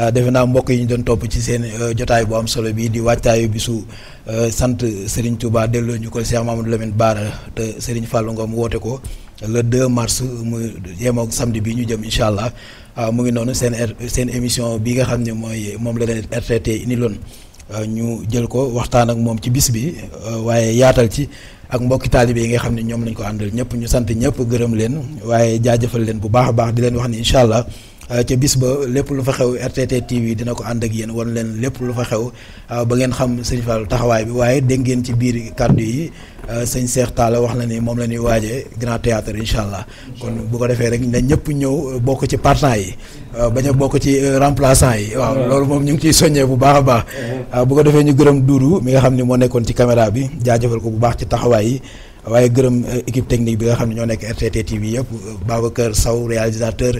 Euh, defe naa mbokk yi ñu doon topp ci seen euh, jotaay bu am solo bi di waajtaayu bisu euh, sant Serigne Touba delloo ñu ko Cheikh Mamadou Lamine baara te Serigne Fallou mu woote ko le 2 mars mu yemoog samedi bi ñu jëm incha allah mu ngi noonu seen er-, seen émission bi nga xam ne mooy moom la leen RTT indi loon ñu jël ko waxtaan ak moom ci bis bi waaye yaatal ci ak mbokki taalibe yi nga xam ne ñoom lañ ko àndal ñëpp ñu sant ñëpp gërëm leen waaye jaajëfal leen bu baax a baax di leen wax ni incha allah. Euh, ca bis ba lépp lu fa xew RTT TV dina ko ànd ak yéen wan leen lépp lu fa xew euh, ba ngeen xam sëñ Fall taxawaay bi waaye dégg ngeen ci biir kàddu yi euh, sëñ Cheikh Talla wax na ni moom la ñuy waaje grand théâtre incha allah kon bu ko defee rek na ñëpp ñëw bokk ci partant yi bañ a bokk ci remplaçant yi waaw loolu moom ñu ngi ciy soññee bu baax a baax uh-huh. bu ko defee ñu gërëm Doudou mi nga xam ne moo nekkoon ci caméra bi jaajëfal ko bu baax ci taxawaay yi waaye gërëm équipe technique bi nga xam ne ñoo nekk RTT TV yëpp Babacar Sow réalisateur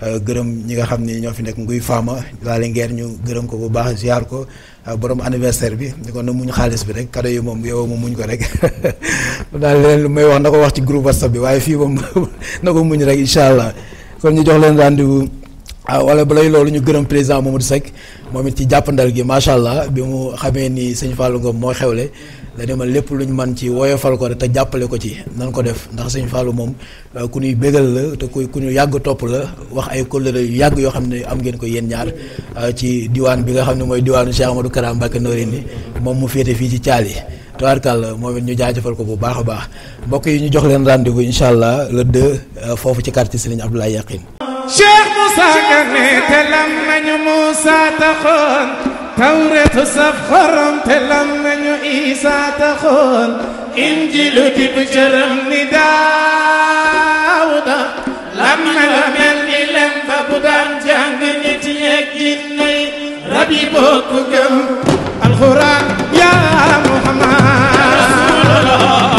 Euh, gërëm ñi nga xam ni ñoo fi nekk nguy faama laa ngeer ñu gërëm ko bu baax ziar ko euh, borom anniversaire bi ni ko na muñ xaalis bi rek kado yi moom yow moom muñ ko rek daal leen lu may wax na ko wax ci groupe whatsapp bi waaye fii moom na ko muñ rek incha allah kon ñu jox leen rendez-vous euh, wala balay loolu ñu gërëm président moom Mamadou Seck moom it ci jàppandal gi macha allah bi mu xamee ni sëñ Fallou Ngom moo xewle dañu ma lépp lu ñu man ci woyofal ko rek te jàppale ko ci nan ko def ndax sëñ Fallou moom ku ñuy bégal la te ku ku yàgg topp la wax ay kóllëre yu yàgg yoo xam ne am ngeen ko yéen ñaar ci diwaan bi nga xam ne mooy diwaanu Cheikh Amadou Karam Mbacké Noreyni moom mu féete fii ci Thiali tubaarkàlla moom it ñu fal ko bu baax a baax mbokk yi ñu jox leen rendez-vous incha allah la 2 euh, foofu ci quartier Serigne Abdoulaye Yakhine Cheikh Moussa Kane te lam nañu Moussa taxoon tawretu saf xorom te lam nañu isa taxoon injilu di bu ni daawuda lam na la ni lem bu daan jàng nit yeeg jinne rab yi bokku gëm alxuraan yaa muhammad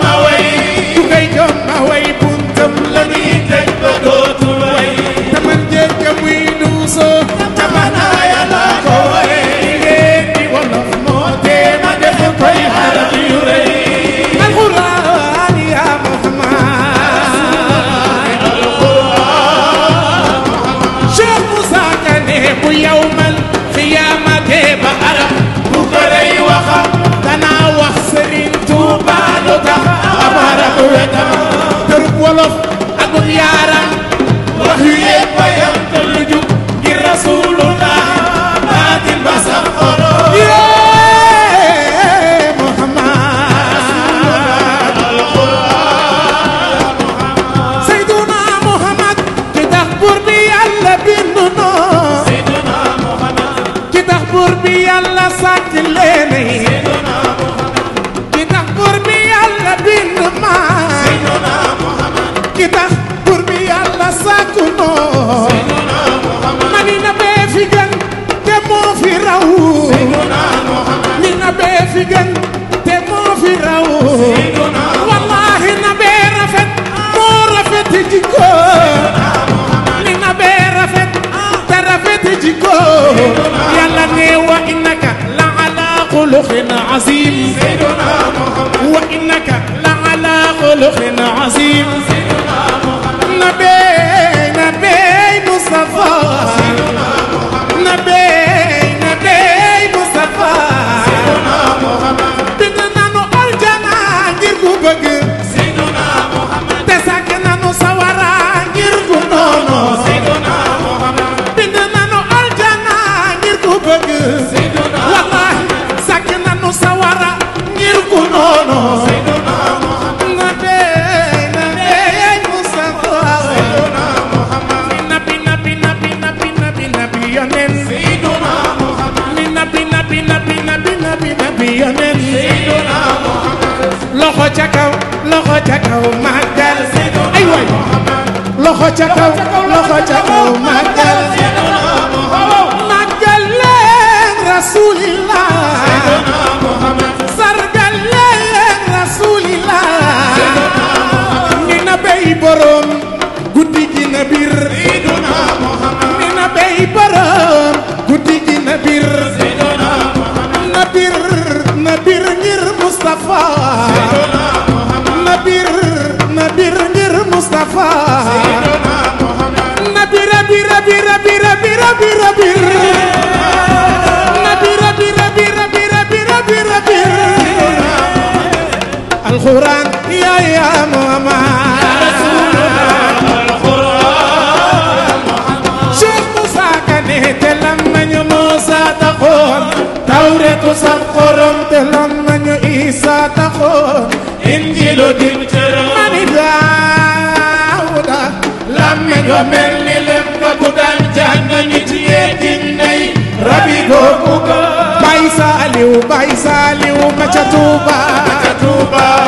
Baye Saliou ma ca Touba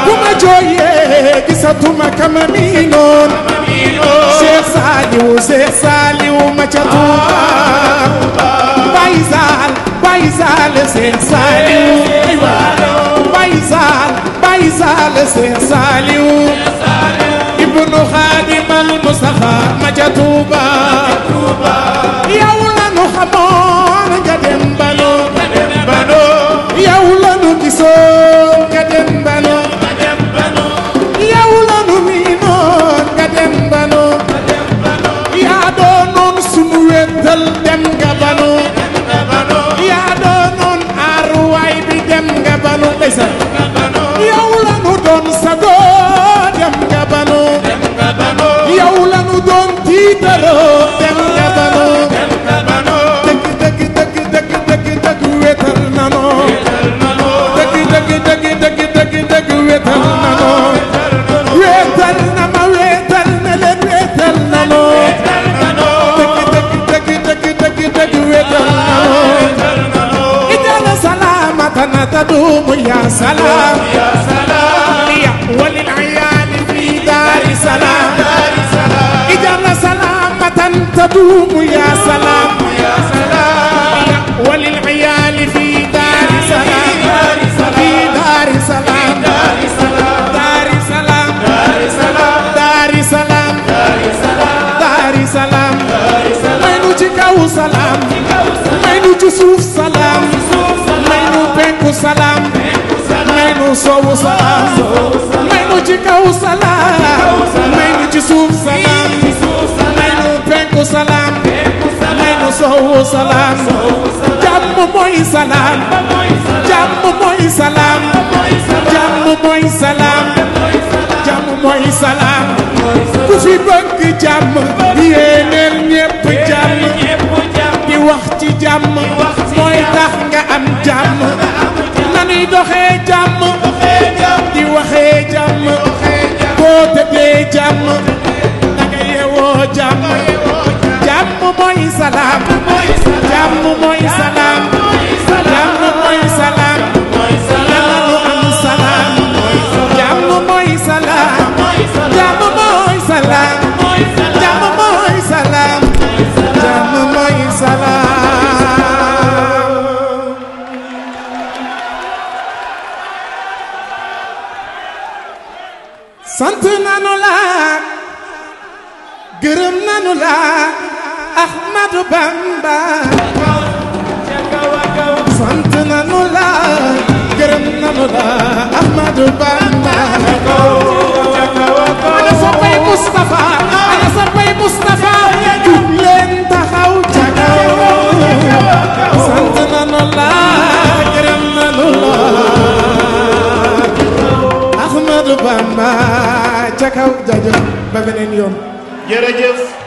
bu ma al Mustafa ma ca Touba yow nu xamoon tiitaroo dem nga banoo dëgg dëgg dëgg dëgg dëgg dëgg wetal nanoo dëgg dëgg dëgg dëgg dëgg dëgg wetal nanoo wetal na ma wetal na leen wetal nanoo dëgg dëgg dëgg dëgg dëgg wetal nanoo ijaana salaamata na taduumu yaa salaam أن تدوم يا سلام يا سلام وللعيال في دار سلام في دار سلام دار سلام دار سلام دار سلام دار سلام دار سلام may nu ci kaw salaam may nu ci suuf salaam may nu penku salaam may nu sowu salaam may nu ci kaw salaam may nu ci suuf salaam soowu salaam salaam jàmm mooy salaam jàmm mooy salaam jàmm mooy salaam jàmm mooy salaam ku fi bëgg jàmm yéeneel di wax ci jàmm mooy tax nga am jàmm nanuy doxee jàmm di waxee jàmm boo tëddee jàmm da nga yewoo jàmm jàmm mooy salaam jàmm mooy salaam xew jaajëf ba beneen yoon jërëjëf